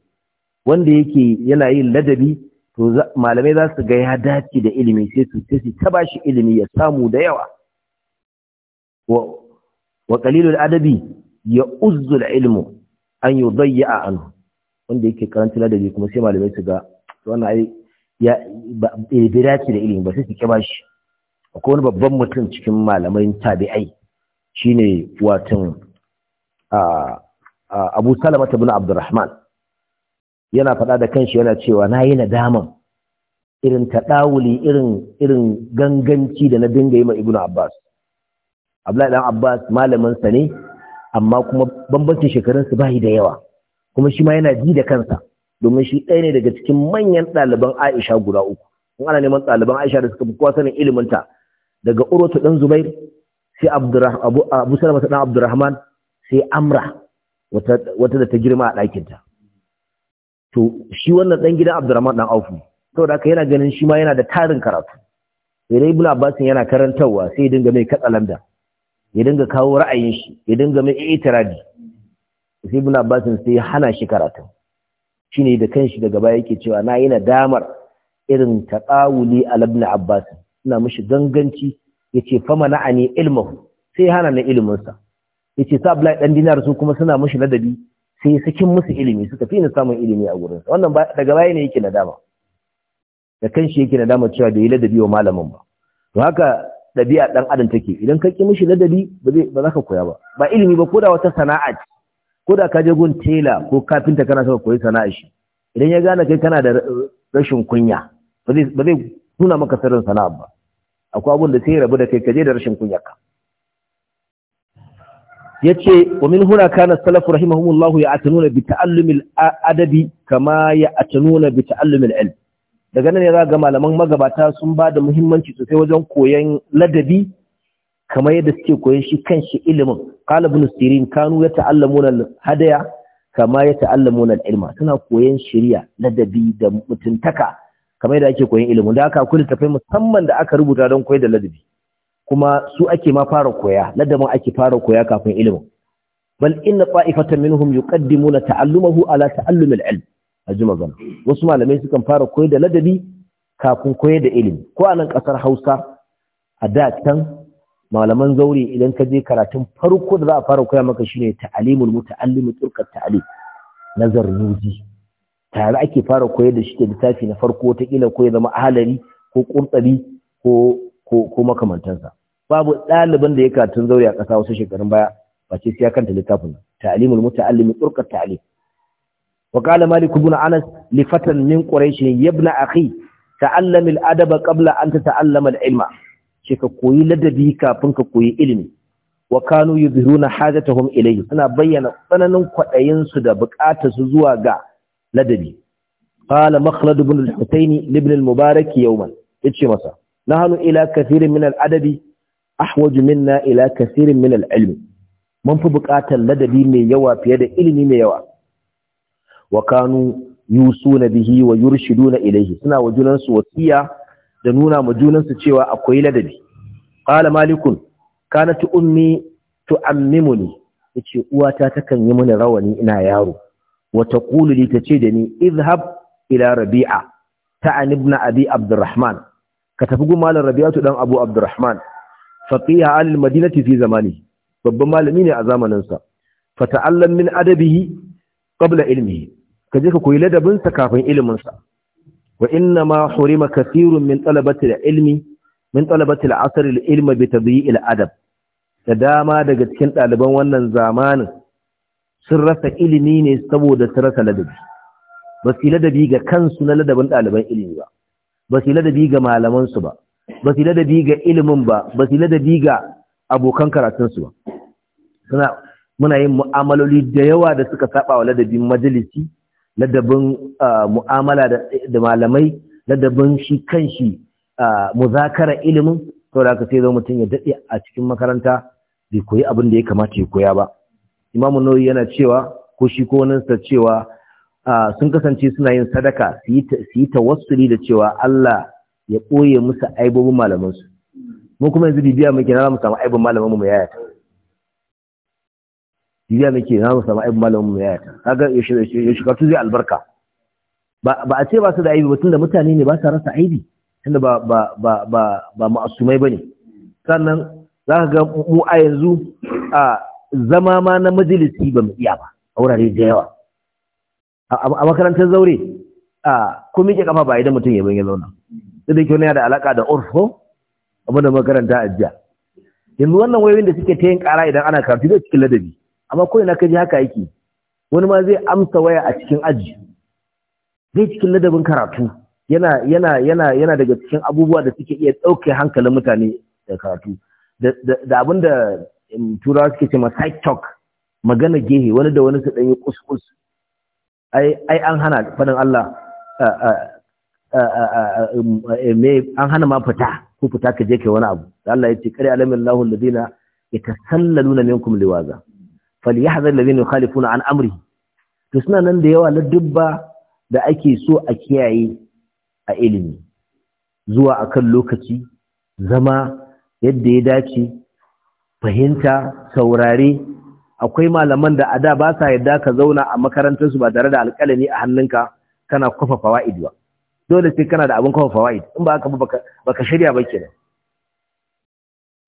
wanda yake yana yin ladabi to malamai za su ga ya dace da ilimi sai su sai ta bashi ilimi ya samu da yawa wa qalilul adabi ya uzzul ilmu an yudayya anhu wanda yake karanta ladabi kuma sai malamai su ga wannan ai ya ba eh, ce da ilimi ba sai su kiba shi akwai wani babban mutum cikin malamai tabi'ai shine watan Abu Salama ibn Abdurrahman yana faɗa da kanshi yana cewa na yi nadaman irin taɗawuli irin irin ganganci da na dinga yi ma Ibn Abbas Abdullahi dan Abbas malamin sa ne amma kuma bambancin su bayi da yawa kuma shi ma yana ji da kansa domin shi ɗaya ne daga cikin manyan ɗaliban Aisha guda uku in ana neman ɗaliban Aisha da suka kowa sanin iliminta daga Urwatu ɗan Zubair sai Abu Abu Salama ɗan Abdurrahman sai Amra wata da ta girma a ɗakin ta to shi wannan ɗan gidan Abdurrahman dan Auf saboda haka yana ganin shi ma yana da tarin karatu sai Ibn Abbas yana karantarwa sai ya dinga mai lamda. ya dinga kawo ra'ayin shi ya dinga mai itiradi sai Ibn Abbas sai ya hana shi karatu shine da kanshi daga baya yake cewa na yi nadamar irin taqawuli a ibn abbas ina mishi ganganci yace fama na'ani ilmuhu sai hana na iliminsa sa yace sa abdullahi dan dinar su kuma suna mishi ladabi sai sakin musu ilimi suka fi ni samun ilimi a gurin wannan daga baya ne yake nadama da kanshi yake nadama cewa bai yi ladabi wa malamin ba to haka ɗabi'a ɗan adam take idan ka ƙi mishi ladabi ba za ka koya ba ba ilimi ba ko da wata sana'a ce ko da ka je gun tela ko kafinta kana saka koyi sana'a shi idan ya gane kai kana da rashin kunya ba zai nuna maka sirrin sana'a ba akwai abun da sai rabu da kai ka je da rashin kunya ka yace wa min huna kana salafu rahimahumullahu ya'tanuna bi ta'allumil adabi kama ya'tanuna bi ta'allumil ilm daga nan ya za ga malaman magabata sun ba da muhimmanci sosai wajen koyon ladabi kamar yadda suke koyon shi kan shi ilimin qala ibn sirin kanu yata'allamuna al-hadaya kama yata'allamuna al-ilma suna koyon shari'a ladabi da mutuntaka kamar yadda ake koyon ilimin da aka kula tafai musamman da aka rubuta don koyar da ladabi kuma su ake ma fara koya ladabin ake fara koya kafin ilimin bal inna ta'ifatan minhum yuqaddimuna ta'allumahu ala ta'allumil al-ilm ajma zan wasu malamai sukan fara koyar da ladabi kafin koyar da ilimi ko a nan kasar Hausa a da can malaman zaure idan ka je karatun farko da za a fara koya maka shine ta'alimul muta'allim turkat ta'alim na zarnuji tare ake fara koyar da shi da littafi na farko ta kila ko ya zama ahalari ko kurtsari ko ko ko makamantansa babu ɗaliban da ya karatun zaure a ƙasa wasu shekarun baya ba ce sai ya kanta littafin nan ta'alimul muta'allim turkat ta'alim wa qala malik ibn anas li fatan min quraish yabna akhi ta'allamil adaba qabla an tata'allama ilma ce ka koyi ladabi kafin ka koyi ilimi wa kanu yuzhiruna hajatahum ilayhi suna bayyana tsananin kwadayin su da bukatar su zuwa ga ladabi qala makhlad ibn al Mubaraki ibn al-mubarak yawman yace masa nahnu ila kathirin min al-adabi ahwaju minna ila kathirin min al-ilm Man fi bukatar ladabi mai yawa fiye da ilimi mai yawa wa kanu yusuna bihi wa yurshiduna ilayhi suna wa junansu wasiya da nuna ma junansu cewa akwai ladabi qala malikun kanat ummi tu'ammimuni yace uwata takan yi mini rawani ina yaro wa taqulu li tace da ni izhab ila rabi'a ta'an ibn abi abdurrahman ka tafi gun malam rabi'atu dan abu abdurrahman faqiha al madinati fi zamani babban malami ne a zamanin sa fata'allam min adabihi qabla ilmihi ka je ka koyi ladabinsa kafin iliminsa wa inna ma hurima kathirun min talabati ilmi min talabati al-asr al-ilm bi tadyi' al-adab da dama daga cikin ɗaliban wannan zamanin sun rasa ilimi ne saboda su rasa ladabi ba su ladabi ga kansu na ladabin ɗaliban ilimi ba ba su ladabi ga malamansu ba ba su ladabi ga ilimin ba ba su ladabi ga abokan karatunsu ba suna muna yin mu'amaloli da yawa da suka saba wa ladabin majalisi ladabin ah, mu'amala da malamai ladabin shi kan shi muzakara ilimin to da ka sai zo mutum ya dade a cikin makaranta bai koyi abin da ya kamata ya koya ba imamu nauyi yana cewa ko shi ko sa cewa sun kasance suna yin sadaka su yi tawassuli da cewa Allah ya ɓoye musu aibobin malamansu mu kuma yanzu bibiya muke na mu samu aibin malaman mu yayata bibiya muke na mu samu aibin malaman mu yayata kaga ya shiga zai albarka ba a ce ba su da aibi ba tunda mutane ne ba sa rasa aibi inda ba ba ba ba ba ma'asumai bane sannan zaka ga mu a yanzu a zama ma na majalisi ba mu iya ba a wurare da yawa a makarantar zaure a ko miƙe kafa ba idan mutum ya bin ya zauna sai dai kyau yana da alaka da urfo da makaranta a jiya yanzu wannan wayoyin da suke ta yin ƙara idan ana karatu da cikin ladabi amma ko ina kaji haka yake wani ma zai amsa waya a cikin aji zai cikin ladabin karatu yana daga cikin abubuwa da suke iya ɗauke hankalin mutane da karatu da abin da um, turawa suke ce ma talk magana gehe wani da wani su ɗan yi kuskus ai an hana faɗin Allah um, eh, an hana ma fita ko fita ka je ka wani abu Allah ya ce kare alamin lahu sallalu na minkum liwaza falyahzar alladhina yukhalifuna an amri to suna nan da yawa na dubba da ake so a kiyaye a ilimi zuwa akan lokaci zama yadda ya dace fahimta saurare akwai malaman da ada ba sa yadda ka zauna a makarantarsu ba tare da alƙalami a hannunka kana kwafa fawaid ba dole sai kana da abin kwafa fawaid in ba haka ba baka shirya ba kenan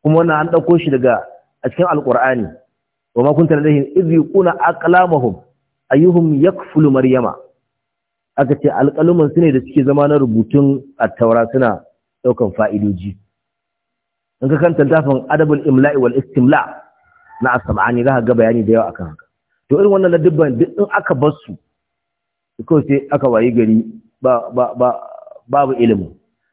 kuma wannan an ɗauko shi daga a cikin alƙur'ani wa ma kunta ladaihim iz yuquna aqlamahum ayyuhum yakfulu maryama aka ce alƙaluman su ne da suke zama na rubutun attaura suna ɗaukan fa'idoji in ka kanta tafin adabul imla'i wal istimla na asam'ani za ka ga bayani da yawa akan haka to irin wannan ladubban duk in aka bar su ko sai aka wayi gari babu ilimin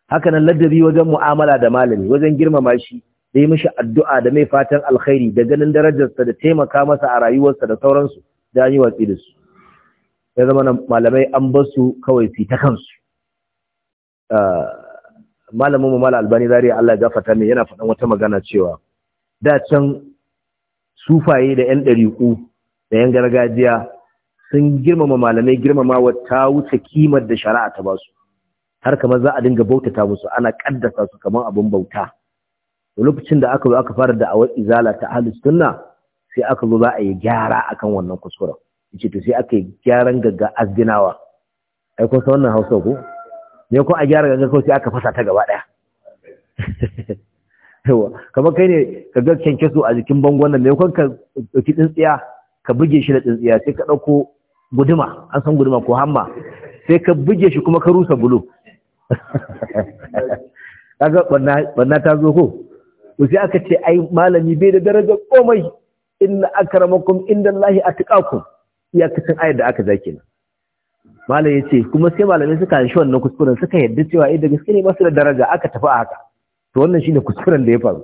haka nan ladabi wajen mu'amala da malami wajen girmama shi da yi mishi addu'a da mai fatan alkhairi da ganin darajarsa da taimaka masa a rayuwarsa da sauransu da an yi watsi da su ya zama na malamai an su kawai su kansu ah, malamin mu mala albani zari Allah ya gafarta mai yana faɗan wata magana cewa da can sufaye da yan ɗariƙu da yan gargajiya sun girmama malamai girmamawa ta wuce kimar da shari'a ta ba su. har kamar za a dinga bautata musu ana kaddasa su kamar abin bauta lokacin da aka zo aka fara da'awar izala ta ahlus sunna sai aka zo za a yi gyara akan wannan kuskuren ce to sai aka yi gyaran gagga azginawa ai ko san wannan Hausa ko ne ko a gyara gaga ko sai aka fasa ta gaba daya yawa kamar kai ne ka ga kyankyaso a jikin bangon nan ne ko ka dauki tsintsiya ka buge shi da tsintsiya sai ka dauko guduma an san guduma ko hamma sai ka buge shi kuma ka rusa bulo kaga banna ta zo ko to sai aka ce ai malami bai da darajar komai inna akramakum indallahi atqakum iyakacin ayar da aka zaki na malam ce kuma sai malamai suka hanshi wannan kuskuren suka yadda cewa idan eh, gaske ne masu da daraja aka tafi a haka to wannan shine kuskuren da ya faru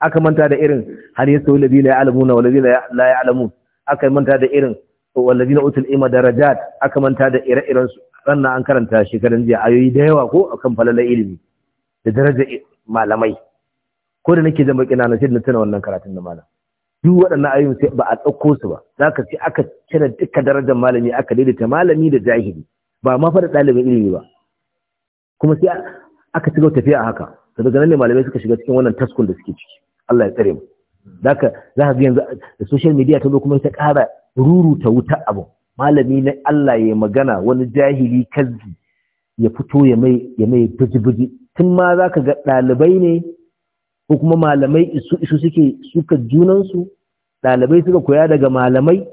aka manta da irin hal ya ladina ya'lamuna wal ladina la ya'lamun aka manta da irin wallazina utul ima darajat aka manta da ire-iren su sannan an karanta shekaran jiya ayoyi da yawa ko kan falalar ilimi da daraja malamai ko da nake zama kina na sai na tuna wannan karatun da malam duk waɗannan ayoyin sai ba a ɗauko su ba za ka ce aka cire duka darajar malami aka daidaita malami da jahili ba ma fa ɗalibin ilimi ba kuma sai aka ci tafiya haka to daga nan ne malamai suka shiga cikin wannan taskun da suke ciki Allah ya tsare mu za ka za ka yanzu da social media ta zo kuma ta ƙara ruruta wuta abu malami na Allah ya magana wani jahili kazzi ya fito ya mai ya mai buji-buji tun ma za ka ga ɗalibai ne ko kuma malamai isu isu suke suka junansu ɗalibai suka koya daga malamai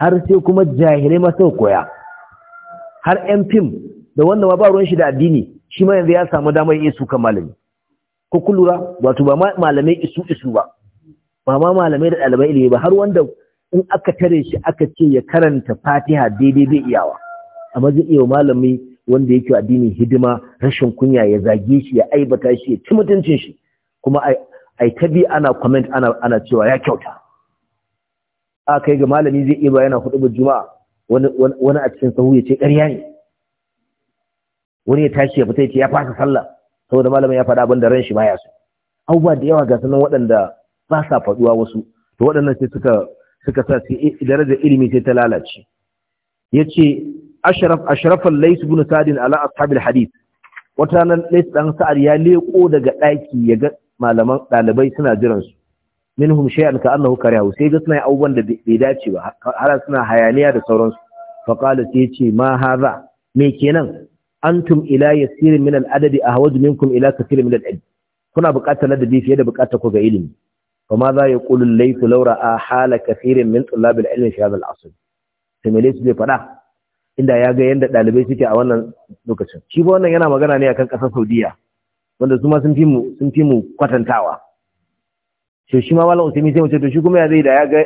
har sai kuma jahilai ma suka koya har yan fim da wannan ma ba ruwan shi da addini shi ma yanzu ya samu damar iya suka malami ko kun wato ba malamai isu isu ba ba ma malamai da ɗalibai ilimi ba har wanda in aka tare shi aka ce ya karanta fatiha daidai bai iyawa amma zai iya malami wanda yake addini hidima rashin kunya ya zage shi ya aibata shi ya ci mutuncin shi kuma ai ta bi ana comment ana cewa ya kyauta a kai ga malami zai iya yana hudu juma'a wani a cikin sahu ya ce ƙarya ne wani ya tashi ya fita ya fasa sallah saboda malamin ya faɗa abin da ran shi ba ya so abubuwa da yawa ga sanan waɗanda ba sa faɗuwa wasu to waɗannan sai suka suka sa su darajar ilimi sai ta lalace yace ashraf ashraf al-lays ibn sa'd ala ashab al-hadith wata nan lays dan sa'ad ya leko daga daki ya ga malaman ɗalibai suna jiran su minhum shay'an ka annahu karihu sai ga suna abubuwan da bai dace ba har suna hayaniya da sauransu fa qala sai ce ma hadha me kenan antum ila yasir min al-adadi ahwaj minkum ila kathir min al kuna buƙatar ladabi fiye da buƙatar ku ga ilimi fa ma za yaqulu laysa law ra'a hala kathirin min tullab al-ilm fi hadha al-asr sai me bai fada inda ya ga yanda dalibai suke a wannan lokacin shi ba wannan yana magana ne akan ƙasar Saudiya wanda su ma sun fi mu sun fi mu kwatantawa to shi ma malam usaimi sai mu ce to shi kuma ya zai da ya ga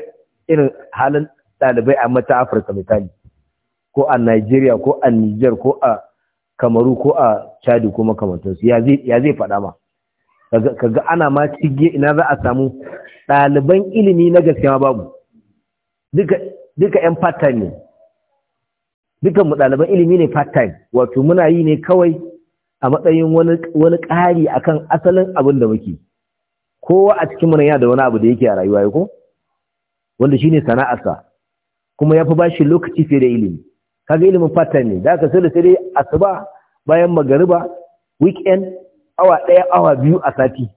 irin halin ɗalibai a mata afirka misali ko a Najeriya ko a Niger, ko a Kamaru ko a Chadi ko makamantansu ya zai faɗa ma kaga ana ma cige ina za a samu ɗaliban ilimi na gaskiya babu duka 'yan part-time ne Dukanmu mu ɗaliban ilimi ne part-time wato muna yi ne kawai a matsayin wani ƙari a kan asalin abin da muke kowa a cikin mana yana da wani abu da yake a rayuwa ya ko wanda shi ne sana'arsa kuma ya fi bashi lokaci fiye da ilimi kaga ilimin fatan ne da aka sai da sai dai asuba bayan magariba weekend awa ɗaya awa biyu a sati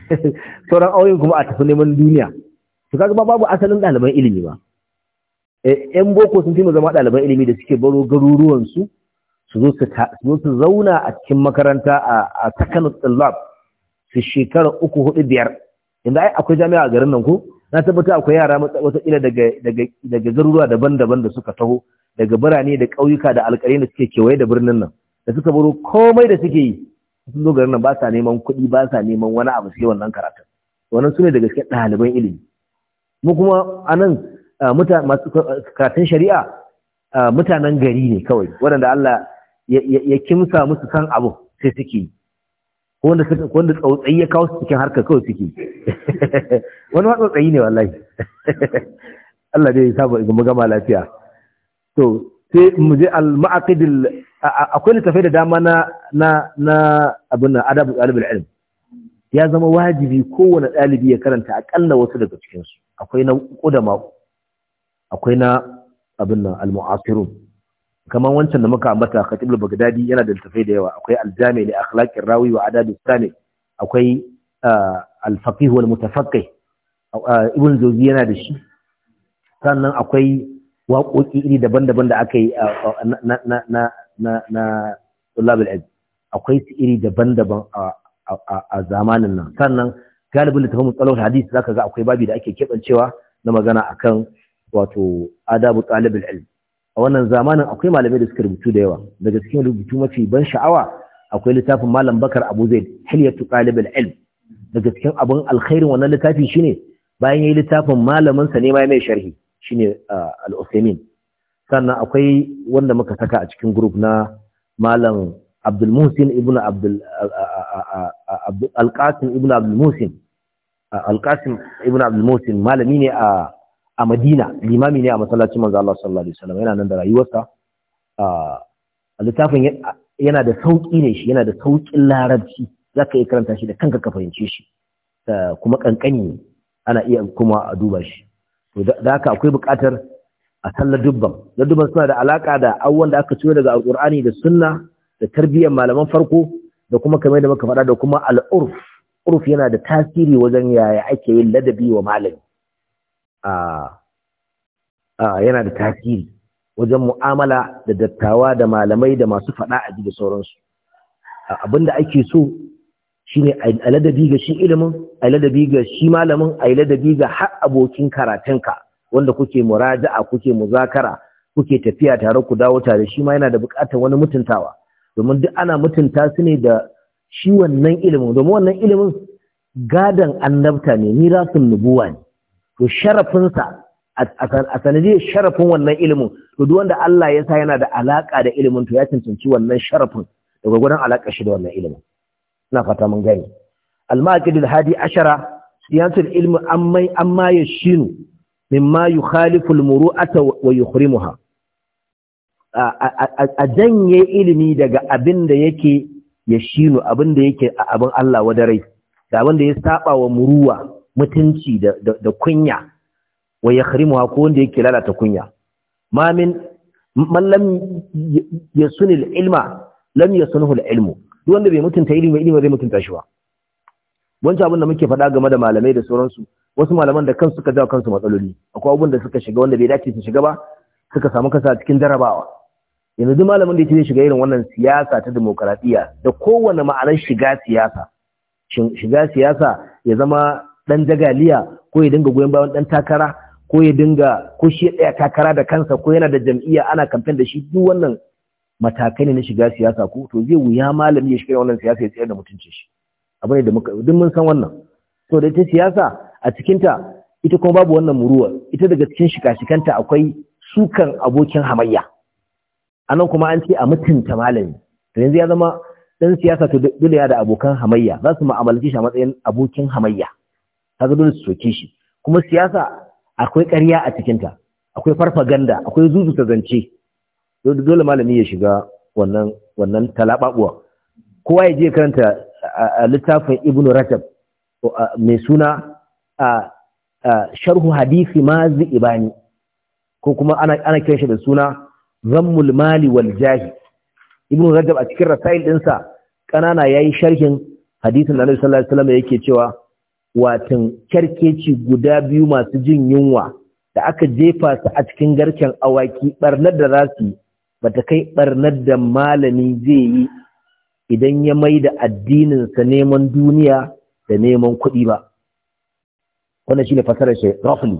sauran auyin kuma a tafi neman duniya to kaga babu asalin ɗaliban ilimi ba eh, Ƴan boko sun fi mu zama ɗaliban ilimi da suke baro garuruwansu su su zauna a cikin makaranta a sakanus tsallab su shekara uku hudu biyar inda ai akwai jami'a a garin nan ko na tabbata akwai yara ila daga garuruwa daban-daban da suka taho daga birane da ƙauyuka da alƙari da suke kewaye da birnin nan da suka buru komai da suke yi sun zo garin nan ba sa neman kuɗi ba sa neman wani abu sai wannan karatu wannan su ne daga cikin ɗaliban ilimi mu kuma a nan masu karatun shari'a mutanen gari ne kawai waɗanda Allah ya kimsa musu san abu sai suke ko wanda suka wanda tsautsayi ya kawo su cikin harkar kawai suke wani ma tsautsayi ne wallahi Allah dai ya saba mu gama lafiya to sai mu je al-ma'aqidil akwai littafai da dama na na na abin nan adabu talibul ilm ya zama wajibi kowane ɗalibi ya karanta akalla wasu daga cikin su akwai na kodama, akwai na abin nan al-mu'asirun kamar wancan da muka ambata Khatib al-Baghdadi yana da littafai da yawa akwai al-Jami' li akhlaqir rawi wa adab as-sami akwai uh, al-faqih wal mutafaqqih uh, Ibn Jawzi yana da shi sannan akwai waƙoƙi iri daban-daban da aka yi uh, na na na na na akwai su iri daban-daban a zamanin nan sannan galibin da littafin mutsalawar hadisi zaka ga akwai babi da ake keɓancewa na magana akan wato adabu talibul ilm a wannan zamanin akwai malamai da suka rubutu da yawa daga cikin rubutu mafi ban sha'awa akwai littafin malam bakar abu zaid hilyatu qalibul ilm daga cikin abin alkhairin wannan littafi shine bayan yayi littafin malamin sa ne mai sharhi shine uh, al sannan akwai wanda muka saka a cikin group na malam abdul muhsin ibnu abdul uh, uh, ibnu abdul muhsin ibnu abdul muhsin malami ne a a Madina limami ne a masallacin manzo Allah sallallahu alaihi wasallam yana nan da rayuwarsa a littafin yana da sauki ne shi yana da saukin larabci zaka iya karanta shi da kanka ka fahimce shi kuma kankani ana iya kuma a duba shi to da haka akwai buƙatar a sallar dubban dubban suna da alaka da awwan da aka ciyo daga alqur'ani da sunna da tarbiyyar malaman farko da kuma kamar da muka faɗa da kuma al'urf urf yana da tasiri wajen yaya ake yin ladabi wa malami yana da tasiri wajen mu'amala da dattawa da malamai da masu faɗa a da sauransu abinda ake so shine a ladabi ga shi ilimin a ladabi ga shi malamin a ladabi ga har abokin karatunka wanda kuke muraja'a kuke muzakara kuke tafiya tare ku dawo tare shi ma yana da buƙatar wani mutuntawa domin duk ana mutunta su ne da shi wannan ilimin domin wannan ilimin gadon annabta ne mirasin nubuwa ne to sharafinsa a sanadiyar sharafin wannan ilimin to duk wanda Allah ya sa yana da alaka da ilimin to ya cancanci wannan sharafin da gwagwaran alaka shi da wannan ilimin ina fata mun gani al-maqid al-hadi ashara siyasul ilmi amma amma yashinu mimma yukhalifu al-muru'ata wa yukhrimuha a janye ilimi daga abin da yake yashiru, abin da yake a abin Allah wadarai da abin da ya saba wa muruwa mutunci da kunya wa yakhrimuha ko wanda yake lalata kunya ma min ya lam ilma lam ya al ilmu duk wanda bai mutunta ilimi ilimi zai mutunta shi ba wancan abin da muke faɗa game da malamai da sauransu wasu malaman da kansu suka jawo kansu matsaloli akwai abin da suka shiga wanda bai dace su shiga ba suka samu kasa cikin jarabawa yanzu duk malamin da yake shiga irin wannan siyasa ta demokaradiyya da kowane ma'anar shiga siyasa shiga siyasa ya zama ɗan jagaliya ko ya dinga goyon bayan ɗan takara ko ya dinga ko shi ɗaya takara da kansa ko yana da jam'iyya ana kamfen da shi duk wannan matakai ne na shiga siyasa ko to zai wuya malami ya shiga wannan siyasa ya tsayar da mutuncin shi abu ne da muka duk mun san wannan to da ita siyasa a cikinta ta ita kuma babu wannan muruwa ita daga cikin shika-shikanta akwai sukan abokin hamayya anan kuma an ce a mutunta malami to yanzu ya zama ɗan siyasa to dole ya da abokan hamayya za su mu'amalci shi a matsayin abokin hamayya kaga dole su soke shi kuma siyasa akwai ƙarya a cikinta akwai farfaganda akwai zuzu ta zance dole malami ya shiga wannan wannan talababuwa kowa ya je karanta littafin ibnu rajab mai suna a sharhu hadisi ma ibani ko kuma ana ana kiran shi da suna zammul mali wal jahi ibnu rajab a cikin rasail dinsa kanana yayi sharhin hadisin annabi sallallahu alaihi wasallam yake cewa watan kyarkeci guda biyu masu jin yunwa da aka jefa su a cikin garken awaki barnar da za su ba ta kai barnar da malami zai yi idan ya mai da addininsa neman duniya da neman kuɗi ba wannan shi ne fasarar shi roughly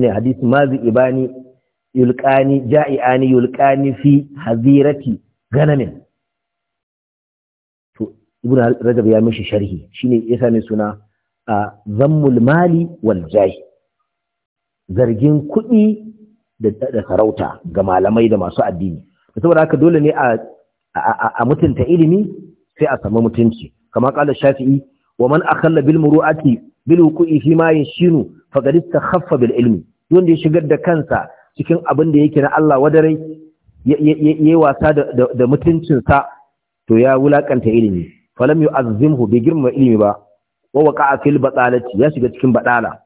ne hadisi mazi ibani yulƙani ja'iani yulƙani fi hazirati ganamin Ibn rajab ya mishi sharhi shi ne ya same suna a zammul mali wal jahi zargin kuɗi da sarauta ga malamai da masu addini saboda haka dole ne a a mutunta ilimi sai a samu mutunci Kamar kala shafi'i wa man akalla bil muru'ati bil wuqu'i fi ma yashinu qad istakhaffa bil ilmi wanda ya shigar da kansa cikin abin da yake na Allah wadarai yayi wasa da mutuncin sa to ya wulakanta ilimi falam yu'azzimhu bi girmama ilimi ba wa waqa'a fil batalati ya shiga cikin badala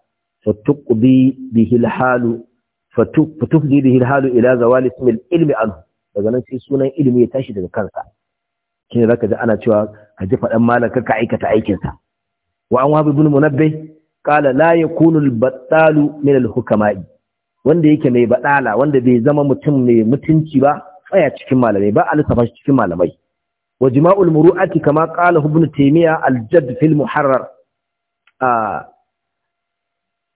fatuqdi bihi halu fatufdi ila zawali ismi ilmi anhu daga nan sai sunan ilimi ya tashi daga kansa shine zaka ji ana cewa ka ji fadan malam ka aikata aikin sa wa an wabi ibn munabbih qala la yakunu al-battalu min al-hukama'i wanda yake mai baɗala, wanda bai zama mutum mai mutunci ba tsaya cikin malamai ba alisafa cikin malamai wa jima'ul muru'ati kama qala ibn taymiya al-jadd fil muharrar a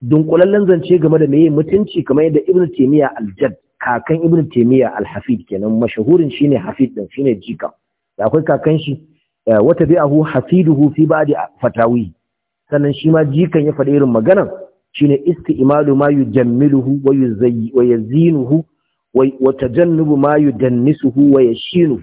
dunkulallen zance game da meye mutunci kamar yadda ibn taymiya aljad kakan ibn taymiya alhafid kenan mashahurin shine hafid din shine jika da akwai kakan shi eh, wata bi'ahu hafiduhu fi ba'di fatawi sannan shi ma jikan ya faɗi irin maganan shine isti'malu ma yujammiluhu wa yuzayyi wa yazinuhu wa tajannubu ma yudannisuhu wa yashinu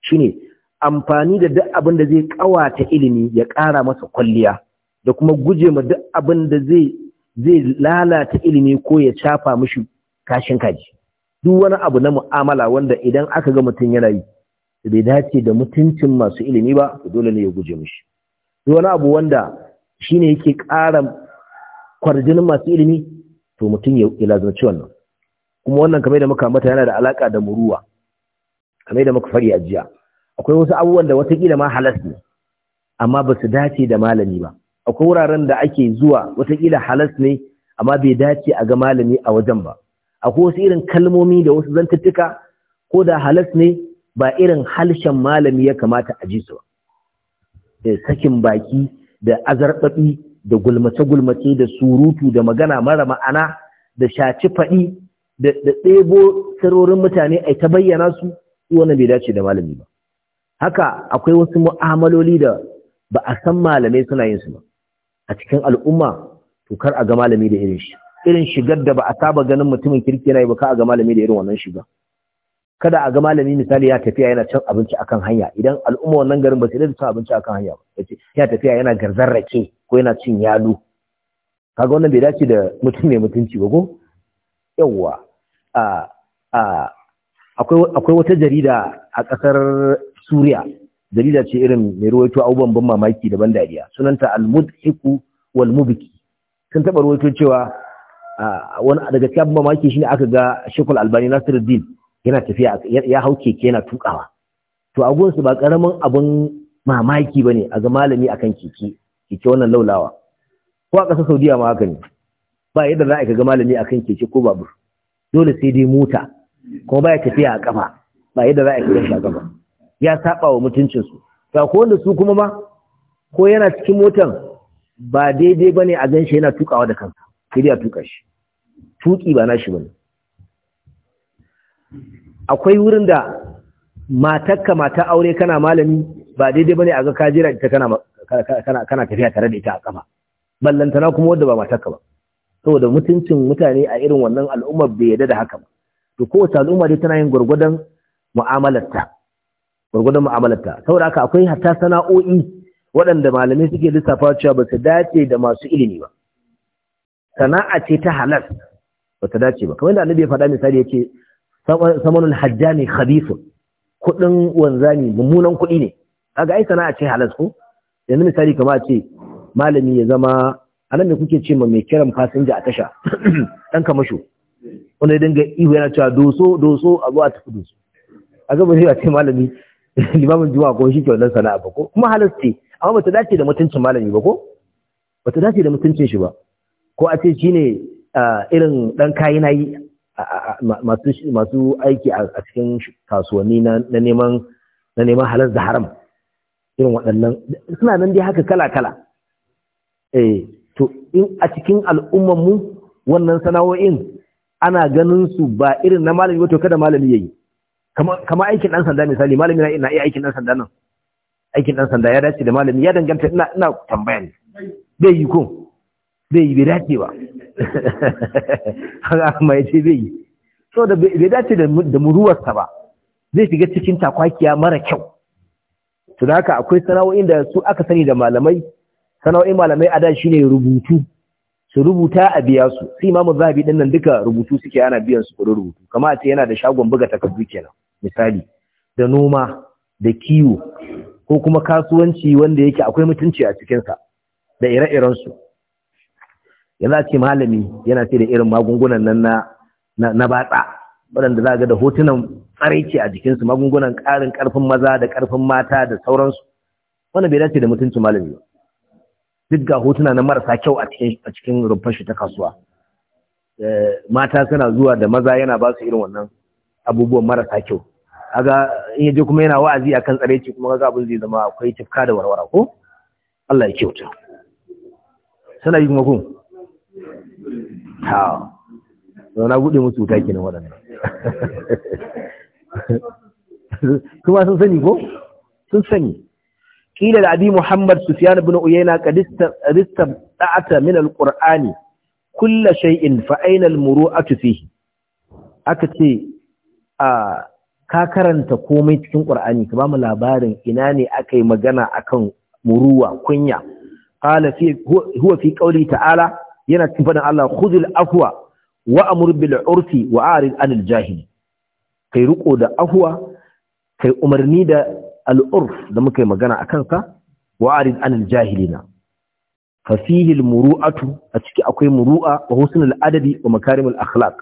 shine amfani da duk abin da zai kawata ilimi ya ƙara masa kwalliya da kuma guje ma duk abin da zai zai lalata ilimi ko ya cafa mishi kashin kaji duk wani abu na mu'amala wanda idan aka ga mutum yana yi bai dace da mutuncin masu ilimi ba dole ne ya guje mishi duk wani abu wanda shine yake ƙara kwarjinin masu ilimi to mutum ya ci wannan kuma wannan kamar da muka ambata yana da alaka da muruwa kamar da muka fari a jiya akwai wasu abubuwan da watakila ma halas ne amma ba su dace da malami ba akwai wuraren da ake zuwa wataƙila halas ne amma bai dace a ga malami a wajen ba akwai wasu irin kalmomi da wasu zantattuka ko da halas ne ba irin halshen malami ya kamata a ji su ba da eh, sakin baki da azarɓaɓi da gulmace-gulmace da surutu da magana mara ma'ana da shaci faɗi da ɗebo sarorin mutane a ta bayyana su wannan bai dace da malami ba haka akwai wasu mu'amaloli da ba a san malamai suna yin su ba a cikin al'umma to kar a ga malami da irin shi irin shigar da ba a saba ganin mutumin kirki yana yi ba ka a ga malami da irin wannan shiga kada a ga malami misali ya tafiya yana cin abinci akan hanya idan al'umma wannan garin ba su da cin abinci akan hanya ba yace ya tafiya yana garzar rake ko yana cin yalo kaga wannan bai dace da mutum mai mutunci ba ko yawwa a a akwai akwai wata jarida a kasar Suriya jarida ce irin mai ruwaito abubuwan ban mamaki daban dariya sunanta al-mudhiku wal mubki sun taba ruwaito cewa wani daga cikin abin mamaki shine aka ga Sheikhul Albani Nasiruddin yana tafiya ya hau keke yana tukawa to a gonsu ba karamin abun mamaki bane a ga malami akan keke keke wannan laulawa ko a ƙasar Saudiya ma haka ne ba yadda za a ga malami akan keke ko babur dole sai dai mota kuma ya tafiya a kafa ba yadda za a ga shi a kafa ya saba wa mutuncinsu ga ko wanda su kuma ma ko yana cikin motan ba daidai ba ne a ganshi yana tukawa da kansa sai dai a tuka shi tuki ba nashi ne. akwai wurin da matakka mata aure kana malami ba daidai ba ne a ga kajira ita kana tafiya tare da ita a kafa ballantana kuma wanda ba matakka ba saboda mutuncin mutane a irin wannan al'ummar bai yadda da haka ba to kowace al'umma dai tana yin gwargwadon mu'amalarta gwargwadon mu'amalarta saboda haka akwai hatta sana'o'i waɗanda malamai suke lissafa cewa ba su dace da masu ilimi ba sana'a ce ta halal ba ta dace ba kamar da annabi ya faɗa misali ya ce samanul hajjami khabisun kuɗin wanzani mummunan kuɗi ne kaga ai sana'a ce halal ko yanzu misali kamar ce malami ya zama anan me kuke ce ma mai kiran fasinja a tasha dan kamasho wanda ya dinga ihu yana cewa doso doso a zo a tafi doso a gaba a ce malami limamin juma'a ko shi ke wannan sana'a ba ko kuma halasti amma bata dace da mutuncin malami ba ko bata dace da mutuncin shi ba ko a ce shi ne irin dan kayi na masu masu aiki a cikin kasuwanni na neman na neman da haram irin waɗannan suna nan dai haka kala kala eh to in a cikin al'ummar mu wannan sana'o'in ana ganin su ba irin na malami ba to kada malami yayi kama aikin ɗan sanda misali malami na iya aikin ɗan sanda nan aikin ɗan sanda ya dace da malami ya danganta ina ina tambaya ne bai yi ko bai yi bai dace ba haka amma ya ce bai yi so da bai dace da muruwarsa ba zai shiga cikin takwakiya mara kyau to da haka akwai sana'o'in da su aka sani da malamai sana'o'in malamai a da shi ne rubutu su rubuta a biya su sai imamu zahabi ɗin nan duka rubutu suke ana biyan su kudin rubutu kama a ce yana da shagon buga takardu kenan misali da noma da kiwo ko kuma kasuwanci wanda yake akwai mutunci a cikinsa da ire-iren su yanzu a ce malami yana ce da irin magungunan nan na batsa waɗanda za ga da hotunan tsaraici a jikinsu magungunan ƙarin ƙarfin maza da ƙarfin mata da sauransu wannan bai dace da mutuncin malami ba duk ga hotuna na marasa kyau a cikin rumfar shi ta kasuwa eh, mata suna zuwa da maza yana ba su irin wannan abubuwan marasa kyau aga in yaje kuma yana wa'azi akan tsareci kuma kaga abin zai zama akwai tifka da warwara ko Allah ya kyauta sana yi kuma kun ha to na gude musu wuta kenan waɗannan kuma sun sani ko sun sani qila abi muhammad sufyan ibn uyayna qad istada'ata min alqur'ani kull shay'in fa ayna almuru'atu fihi aka ce a ka karanta komai cikin qur'ani ka ba labarin ina ne akai magana akan muruwa kunya qala fi huwa fi ta'ala yana cikin faɗin Allah khudhil afwa wa amur bil urfi wa arid anil jahili kai riko da afwa kai umarni da al'urf da muka yi magana a kansa wa'arid anil jahilina Fasihil muru'atu a ciki akwai muru'a wa husnul adabi wa makarimul akhlaq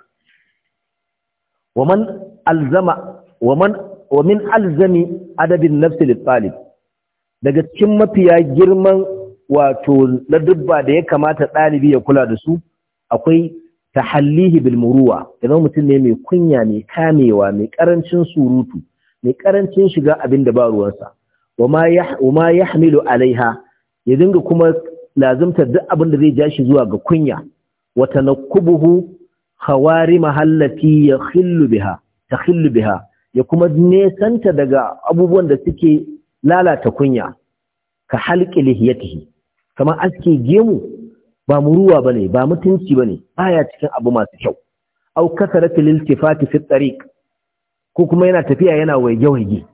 wa min alzami adabin nafsi lit daga cikin mafiya girman wato ladubba da ya kamata ɗalibi ya kula da su akwai tahallihi bil muruwa idan mutum ne mai kunya mai kamewa mai ƙarancin surutu mai karancin shiga abin da ba ruwansa wa ma Hamilu alaiha ya dinga kuma lazimta duk abin da zai ja shi zuwa ga kunya wa tanakkubuhu khawari mahallati khillu biha khillu biha ya kuma nesanta daga abubuwan da suke lalata kunya ka halqi lihiyatihi kamar aske gemu ba muruwa bane ba mutunci bane baya cikin abu masu kyau au kasaratil iltifati fi tariq ko kuma yana tafiya yana waige-waige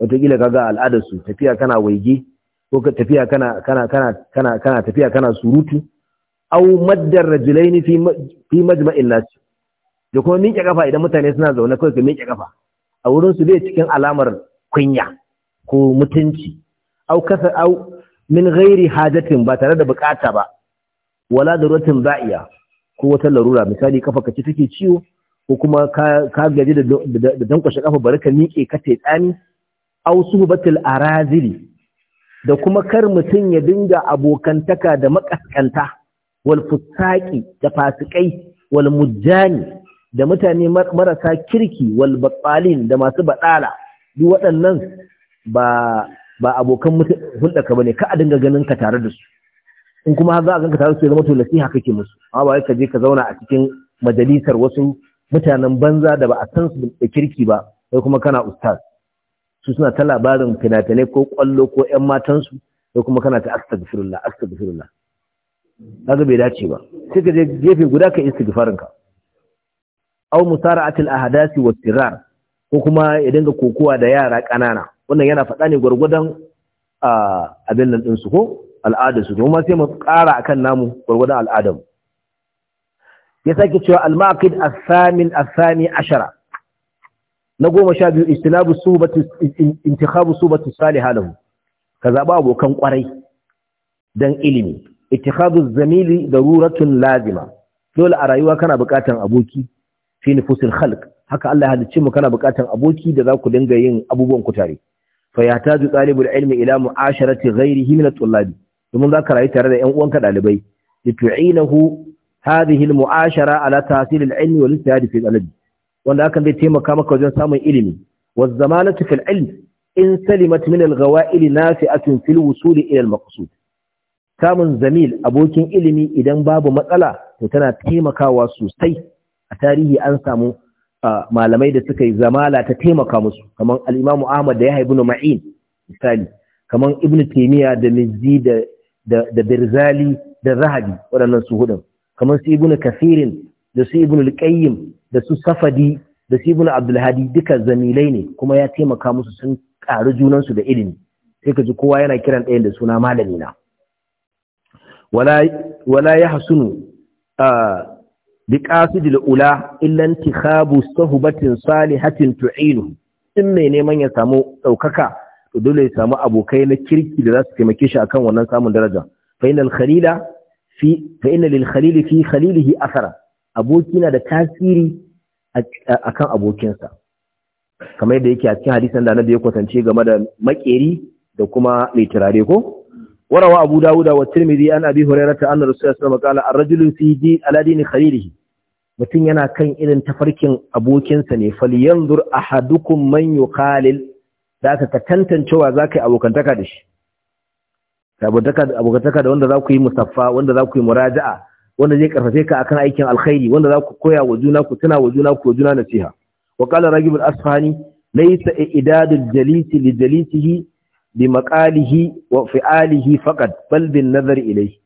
wataƙila kaga al'adar su tafiya kana waige ko ka tafiya kana kana kana kana kana tafiya kana surutu aw maddar rajulaini fi fi majma'in nas da kuma miƙe kafa idan mutane suna zaune kawai ka miƙe kafa a wurin su bai cikin alamar kunya ko mutunci aw kasa aw min ghairi hajatin ba tare da bukata ba wala daruratin ba'iya ko wata larura misali kafa ka ci take ciwo ko kuma ka gaji da dankwashe kafa bari ka miƙe ka tsani au batul arazili da kuma kar mutum ya dinga abokantaka da makaskanta wal fusaki da fasikai wal mujjani da mutane marasa kirki wal batsalin da masu batsala duk waɗannan ba ba abokan ka bane ka a dinga ganin ka tare da su in kuma za a ganka tare da su zama to nasiha kake musu amma ba wai ka je ka zauna a cikin majalisar wasu mutanen banza da ba a san su da kirki ba sai kuma kana ustaz su suna ta labarin fina-finai ko kwallo ko ƴan matansu sai kuma kana ta astaghfirullah astaghfirullah kaga bai dace ba sai ka je gefe guda ka istighfarin ka aw musara'atil ahdasi wa sirar ko kuma ya dinga kokowa da yara ƙanana wannan yana faɗa ne gwargwadon ah, abin nan su ko al'adarsu domin sai mu ƙara akan namu al'adar al'adarmu ya sake cewa al-maqid al-thamin al-thani ashara na goma sha biyu istinabu subatu intikhabu subatu salihah lahu ka zaba abokan kwarai dan ilimi ittikhadhu zamili daruratun lazima dole a rayuwa kana bukatan aboki fi nufusil khalq haka Allah ya halicce mu kana bukatan aboki da za ku dinga yin abubuwan ku tare fa yahtaju talibul ilmi ila mu'asharati ghairihi min at-tullabi domin za ka rayu tare da ƴan uwanka dalibai tu'inahu hadhihi al-mu'ashara ala tahsil ilmi ilm wal ijtihad fi al wanda hakan zai taimaka maka wajen samun ilimi wa zamanatu fil ilm in salimat min al-ghawa'il nafi'atun fil wusul ila al-maqsud samun zamil abokin ilimi idan babu matsala to tana taimakawa sosai a tarihi an samu malamai da suka yi zamala ta taimaka musu kamar al Ahmad da Yahya ibn Ma'in misali Kaman Ibn Taymiyyah da Mizzi da Birzali da Zahabi waɗannan su hudun kamar su ibnu kafirin da su ibnu al-qayyim da su safadi da su ibnu Abdulhadi, duka zamilai ne kuma ya taimaka musu sun ƙaru junansu da ilimi sai ka ji kowa yana kiran ɗayan da suna malami na wala ya hasunu bi qasidil ula illa intikhabu suhbatin salihatin tu'inu in mai neman ya samu daukaka to dole ya samu abokai na kirki da za su taimake shi akan wannan samun daraja fa inal khalila fi fa inna lil khalil fi khalilihi asara aboki na da tasiri akan abokinsa kamar yadda yake a cikin hadisan da annabi ya kwatance game da makeri da kuma mai turare ko warawa abu dawuda wa tirmidhi an abi hurairata anna rasulullahi sallallahu alaihi wasallam qala ar-rajulu fi di ala dini khalilihi mutum yana kan irin tafarkin abokinsa ne falyanzur ahadukum man yukhalil da ka tantance wa abokantaka da shi abokataka da wanda za ku yi musaffa wanda za ku yi muraja'a wanda zai karfafe ka akan aikin alkhairi wanda za ku koya wa juna ku tana wa juna ku wa juna nasiha wa qala ragib al-asfahani laysa i'dadu al-jalis li jalisihi bi maqalihi wa fi'alihi faqat bal bin nazar ilayhi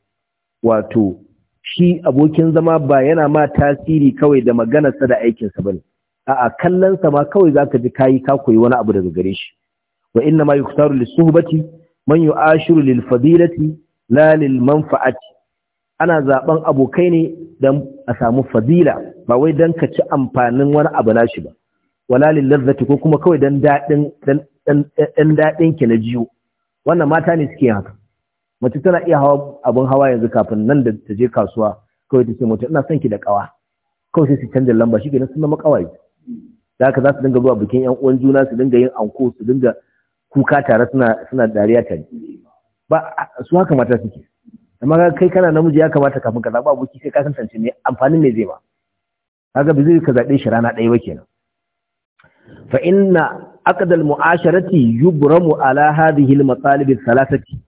wato shi abokin zama ba yana ma tasiri kawai da maganarsa da aikinsa bane a'a kallon sa ma kawai zaka ji kai ka koyi wani abu daga gare shi wa inna ma yuktaru lis-suhbati man yu'ashiru lil fadilati la lil manfa'ati ana zaben abokai ne dan a samu fadila ba wai dan ka ci amfanin wani abu nashi ba wala lil ladzati ko kuma kawai dan dadin dan dadin ki na jiyo wannan mata ne suke haka mace tana iya hawa abin hawa yanzu kafin nan da ta je kasuwa kawai ta ce mace ina son ki da kawa kawai sai su canza lamba shi ke nan sun zama kawaye da haka za su dinga zuwa bikin yan uwan juna su dinga yin anko su dinga kuka tare suna suna dariya tare ba su haka mata suke amma kai kana namiji ya kamata kafin ka zaɓa aboki sai ka tantance me amfanin me zai ba. kaga ba zai ka zaɓe shi rana ɗaya ba kenan fa inna aqdal mu'asharati yubramu ala hadhihi al-matalib al-thalathati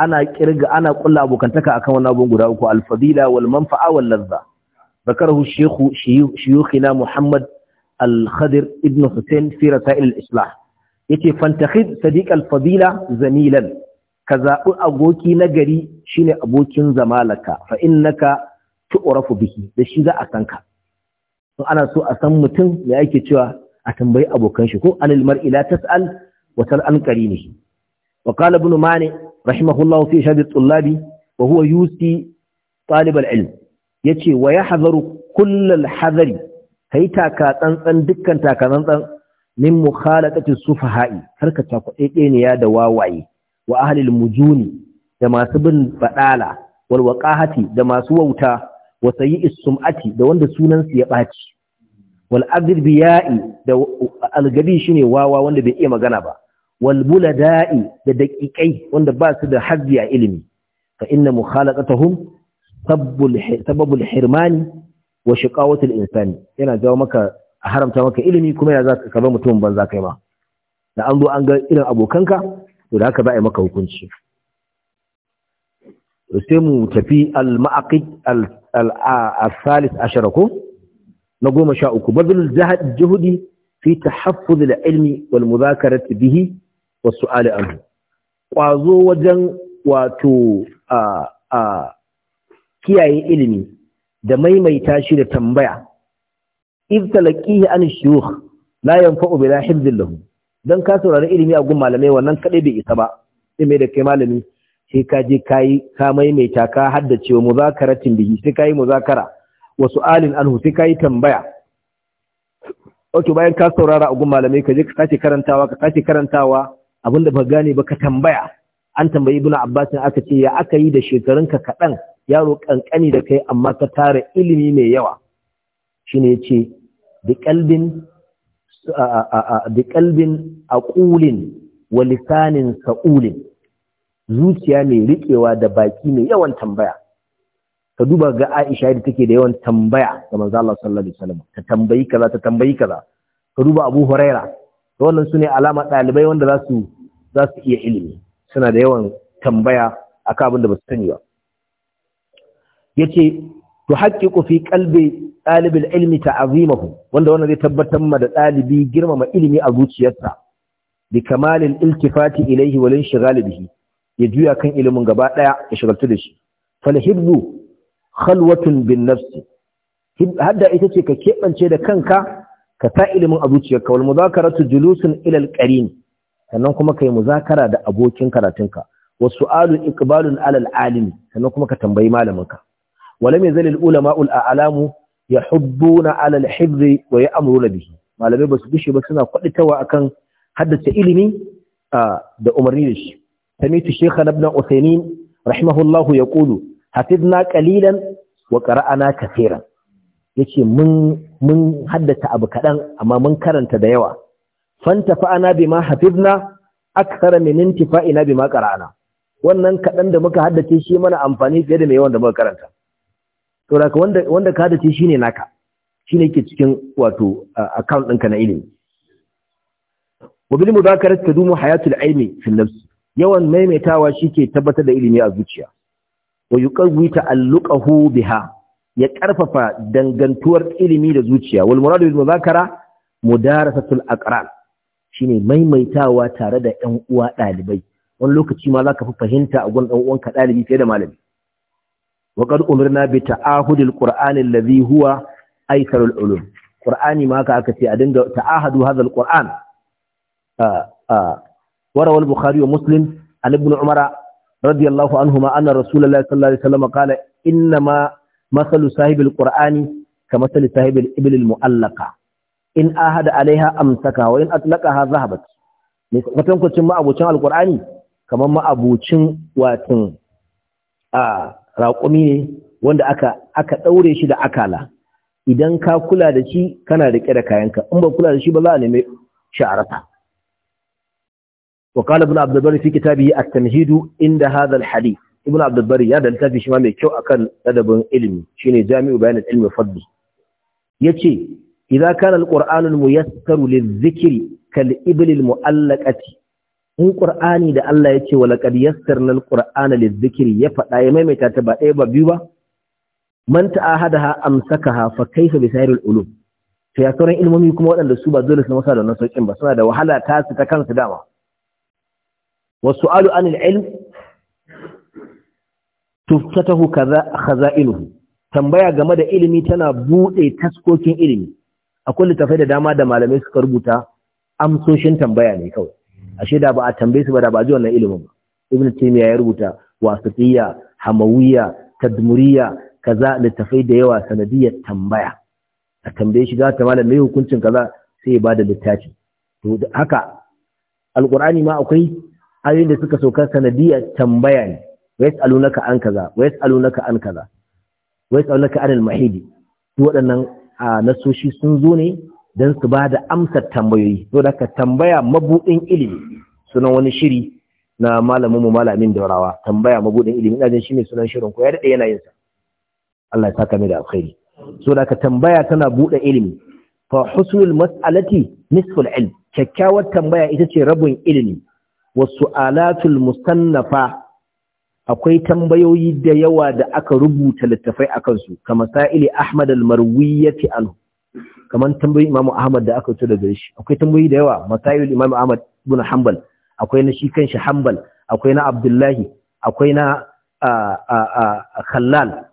ana kirga ana kulla abokantaka akan wannan abun guda uku al-fadila wal manfa'a wal ladha ذكره الشيخ شيوخنا محمد الخضر ابن حسين في رسائل الإصلاح yace fantakhid sadiq al-fadila zamilan ka zaɓi aboki na gari shine abokin zamalaka fa innaka tu'rafu bihi da shi za a san ka in ana so a san mutum me ake cewa a tambayi abokan shi ko anil mar'i la tas'al wa sal an qarinihi wa qala ibn mani rahimahullahu fi shadid tullabi wa huwa yusi talib al-ilm yace wa yahzaru kull al-hadari kai taka tsantsan dukkan taka min mukhalatati sufaha'i karka ta kuɗe ne ya da wawaye wa ahlil mujuni da masu bin fadala wal waqahati da masu wauta wa sayyi'is sum'ati da wanda sunan su ya baci wal agribiya'i da algabi shine wawa wanda bai iya magana ba wal bulada'i da daqiqai wanda ba su da hazzi a ilimi fa inna mukhalaqatuhum sabbul sababul hirmani wa shiqawati al insani yana jawo maka a haramta maka ilimi kuma ya za ka ba mutumin banza kai ma da an zo an ga irin abokanka to da haka za a yi maka hukunci sai mu tafi al-ma'aqid al ashara ko na goma sha uku bazul jahudi fi tahaffuz al-ilmi wal mudhakarati bihi was su'ali anhu kwazo wajen wato a a kiyaye ilimi da maimaita shi da tambaya iz talaqihi an shuyukh la yanfa'u bila hibdin lahu dan ka saurari ilimi a gun malamai wannan kadai bai isa ba sai mai da kai malami sai ka je kai ka maimaita ka haddace muzakaratin bihi sai kai muzakara wa su'alin anhu sai kai tambaya okay bayan ka saurara a gun malamai ka je ka sake karantawa ka sake karantawa abinda ba gane ba ka tambaya an tambayi ibnu abbas aka ce ya aka yi da shekarunka kadan yaro kankani da kai amma ka tara ilimi mai yawa shine yace bi qalbin bi qalbin aqulin wa lisanin sa'ulin zuciya mai riƙewa da baki mai yawan tambaya ka duba ga Aisha da take da yawan tambaya ga manzo Allah sallallahu alaihi wasallam ta tambayi kaza ta tambayi kaza ka duba Abu Huraira to wannan sune alama dalibai wanda za su za su iya ilimi suna da yawan tambaya akan abin da ba su sani ba yace tuhaqqiqu fi qalbi talib al-ilmi ta'zimahu wanda wannan zai tabbatar ma da dalibi girmama ilimi a zuciyarsa bi kamal al-iltifati ilayhi wa linshighal bihi ya juya kan ilimin gaba daya ya shigaltu da shi fal hibbu khalwatun bin nafsi hadda ita ce ka kebance da kanka ka sa ilimin a zuciyarka wal muzakaratu julusun ila al-qarin sannan kuma kai muzakara da abokin karatunka wasu alu iqbalun alal alimi sannan kuma ka tambayi malaminka ولم يزل العلماء الاعلام يحضون على الحفظ ويأمرون به malamai basu gushe ba suna kwaditawa akan haddace ilimi da umarni da shi samitu shaykhan ibn rahimahullahu ya yaqulu hafizna ƙalilan wa qara'ana kaseeran yace ce mun haddata abu kaɗan amma mun karanta da yawa fantafa'ana bima hafizna akthara min bi bima ƙara'ana. wannan kaɗan da muka haddace shi mana amfani fiye da mai yawan da muka karanta saboda wanda wanda ka dace shine naka shine yake cikin wato account ɗinka na ilimi wa bil mudhakarat tadumu hayatul ilmi fi nafs yawan maimaitawa shike tabbatar da ilimi a zuciya wa yuqawwi ta'alluqahu biha ya karfafa dangantuwar ilimi da zuciya wal muradu bil mudhakara mudarasatul aqran shine maimaitawa tare da ƴan uwa ɗalibai wani lokaci ma zaka fi fahimta a gun ɗan uwanka ɗalibi fiye da malami wa qad umirna bi ta'ahudil qur'ani allazi huwa aikarul ulum qur'ani ma haka aka ce a dinga ta'ahadu hadha alquran وروى البخاري ومسلم عن ابن عمر رضي الله عنهما أن رسول الله صلى الله عليه وسلم قال إنما مثل صاحب القرآن كمثل صاحب الإبل المؤلقة إن أهد عليها أمسكها وإن أطلقها ذهبت watan kwacin ma'abucin alkur'ani kamar ma'abucin watan raƙumi ne wanda aka aka ɗaure shi da akala idan ka kula da shi kana da da kayanka in ba kula da shi ba za a nemi sha'arata wa qala ibn abd al fi kitabihi a tamhid inda hadha al ibn abd ya da fi shi ma mai kyau akan ladabin ilimi shine jami'u bayan al-ilmi fadli yace idza kana al-qur'anu al-muyassar kal-ibl al in ƙur'ani da Allah ya ce wala qad nan alqur'ana lizikri ya faɗa ya maimaita ta ba ɗaya ba biyu ba man ta'ahadaha amsakaha fa kaifa bi sairil ulum to ya sauran ilmomi kuma waɗanda su ba dole su masa da wannan ba suna da wahala ta su ta kansu dama wasu alu anil ilm tuftatahu khaza'inuhu tambaya game da ilimi tana bude taskokin ilimi akwai littafai da dama da malamai suka rubuta amsoshin tambaya ne kawai ashe da ba a tambaye su ba da ba ji wannan ilimin ba ibn taymiya ya rubuta wasatiyya hamawiyya tadmuriyya kaza littafai da yawa sanadiyyar tambaya a tambaye shi ga ta malam mai hukuncin kaza sai ya bada littafi to haka alqur'ani ma akwai ayoyin da suka sauka sanadiyyar tambaya ne wa yasalunaka an kaza wa yasalunaka an kaza wa yasalunaka anil mahidi to waɗannan nasoshi sun zo ne don su ba da amsar tambayoyi to da ka tambaya mabuɗin ilimi sunan wani shiri na malamin mu malamin daurawa tambaya mabuɗin ilimi ina jin ne sunan shirin ko ya daɗe yana yin sa Allah ya saka mai da alkhairi so da ka tambaya tana buɗe ilimi fa husnul mas'alati nisful ilm kyakkyawar tambaya ita ce rabin ilimi wasu alatul musannafa akwai tambayoyi da yawa da aka rubuta littafai akan su kamar sa'ili Ahmad al-Marwiyati anhu kamar tambayi imamu ahmad da aka wuce daga shi akwai tambayi da yawa masayil imamu ahmad ibn hanbal akwai na shi kanshi hanbal akwai na abdullahi akwai na khallal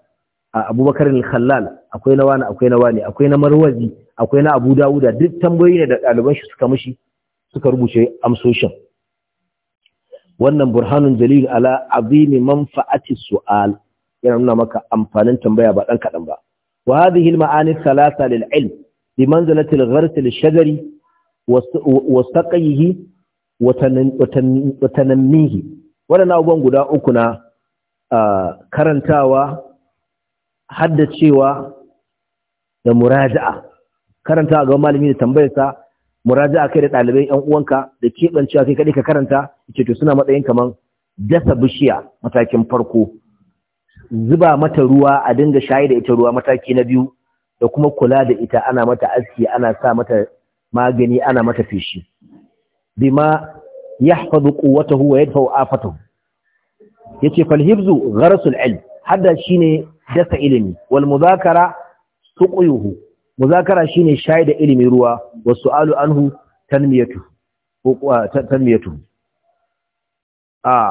abubakar al-khallal akwai na wani akwai na wani akwai na marwazi akwai na abu dawuda duk tambayoyi ne da ɗaliban shi suka mushi suka rubuce amsoshin wannan burhanun jalil ala azimi manfa'ati su'al yana nuna maka amfanin tambaya ba dan kadan ba wa hadhihi al-ma'ani thalatha lil ilm bi manzilatil gharsil shagari wa saqayhi wa tanammihi wadannan abubuwan guda uku na karantawa haddacewa da muraja'a karantawa ga malami da tambayarsa muraja'a kai da ɗalibai yan uwanka da keɓancewa kai kaɗai ka karanta ce suna matsayin kamar dasa bishiya matakin farko zuba mata ruwa a dinga shayi da ita ruwa mataki na biyu da kuma kula da ita ana mata aski ana sa mata magani ana mata feshi bima yahfazu quwwatahu wa yadfa'u afatahu yace fal hifzu gharasul ilm hadda shine dasa ilimi wal muzakara tuqyuhu muzakara shine shaida ilimi ruwa wa su'alu anhu tanmiyatu tanmiyatu a ah,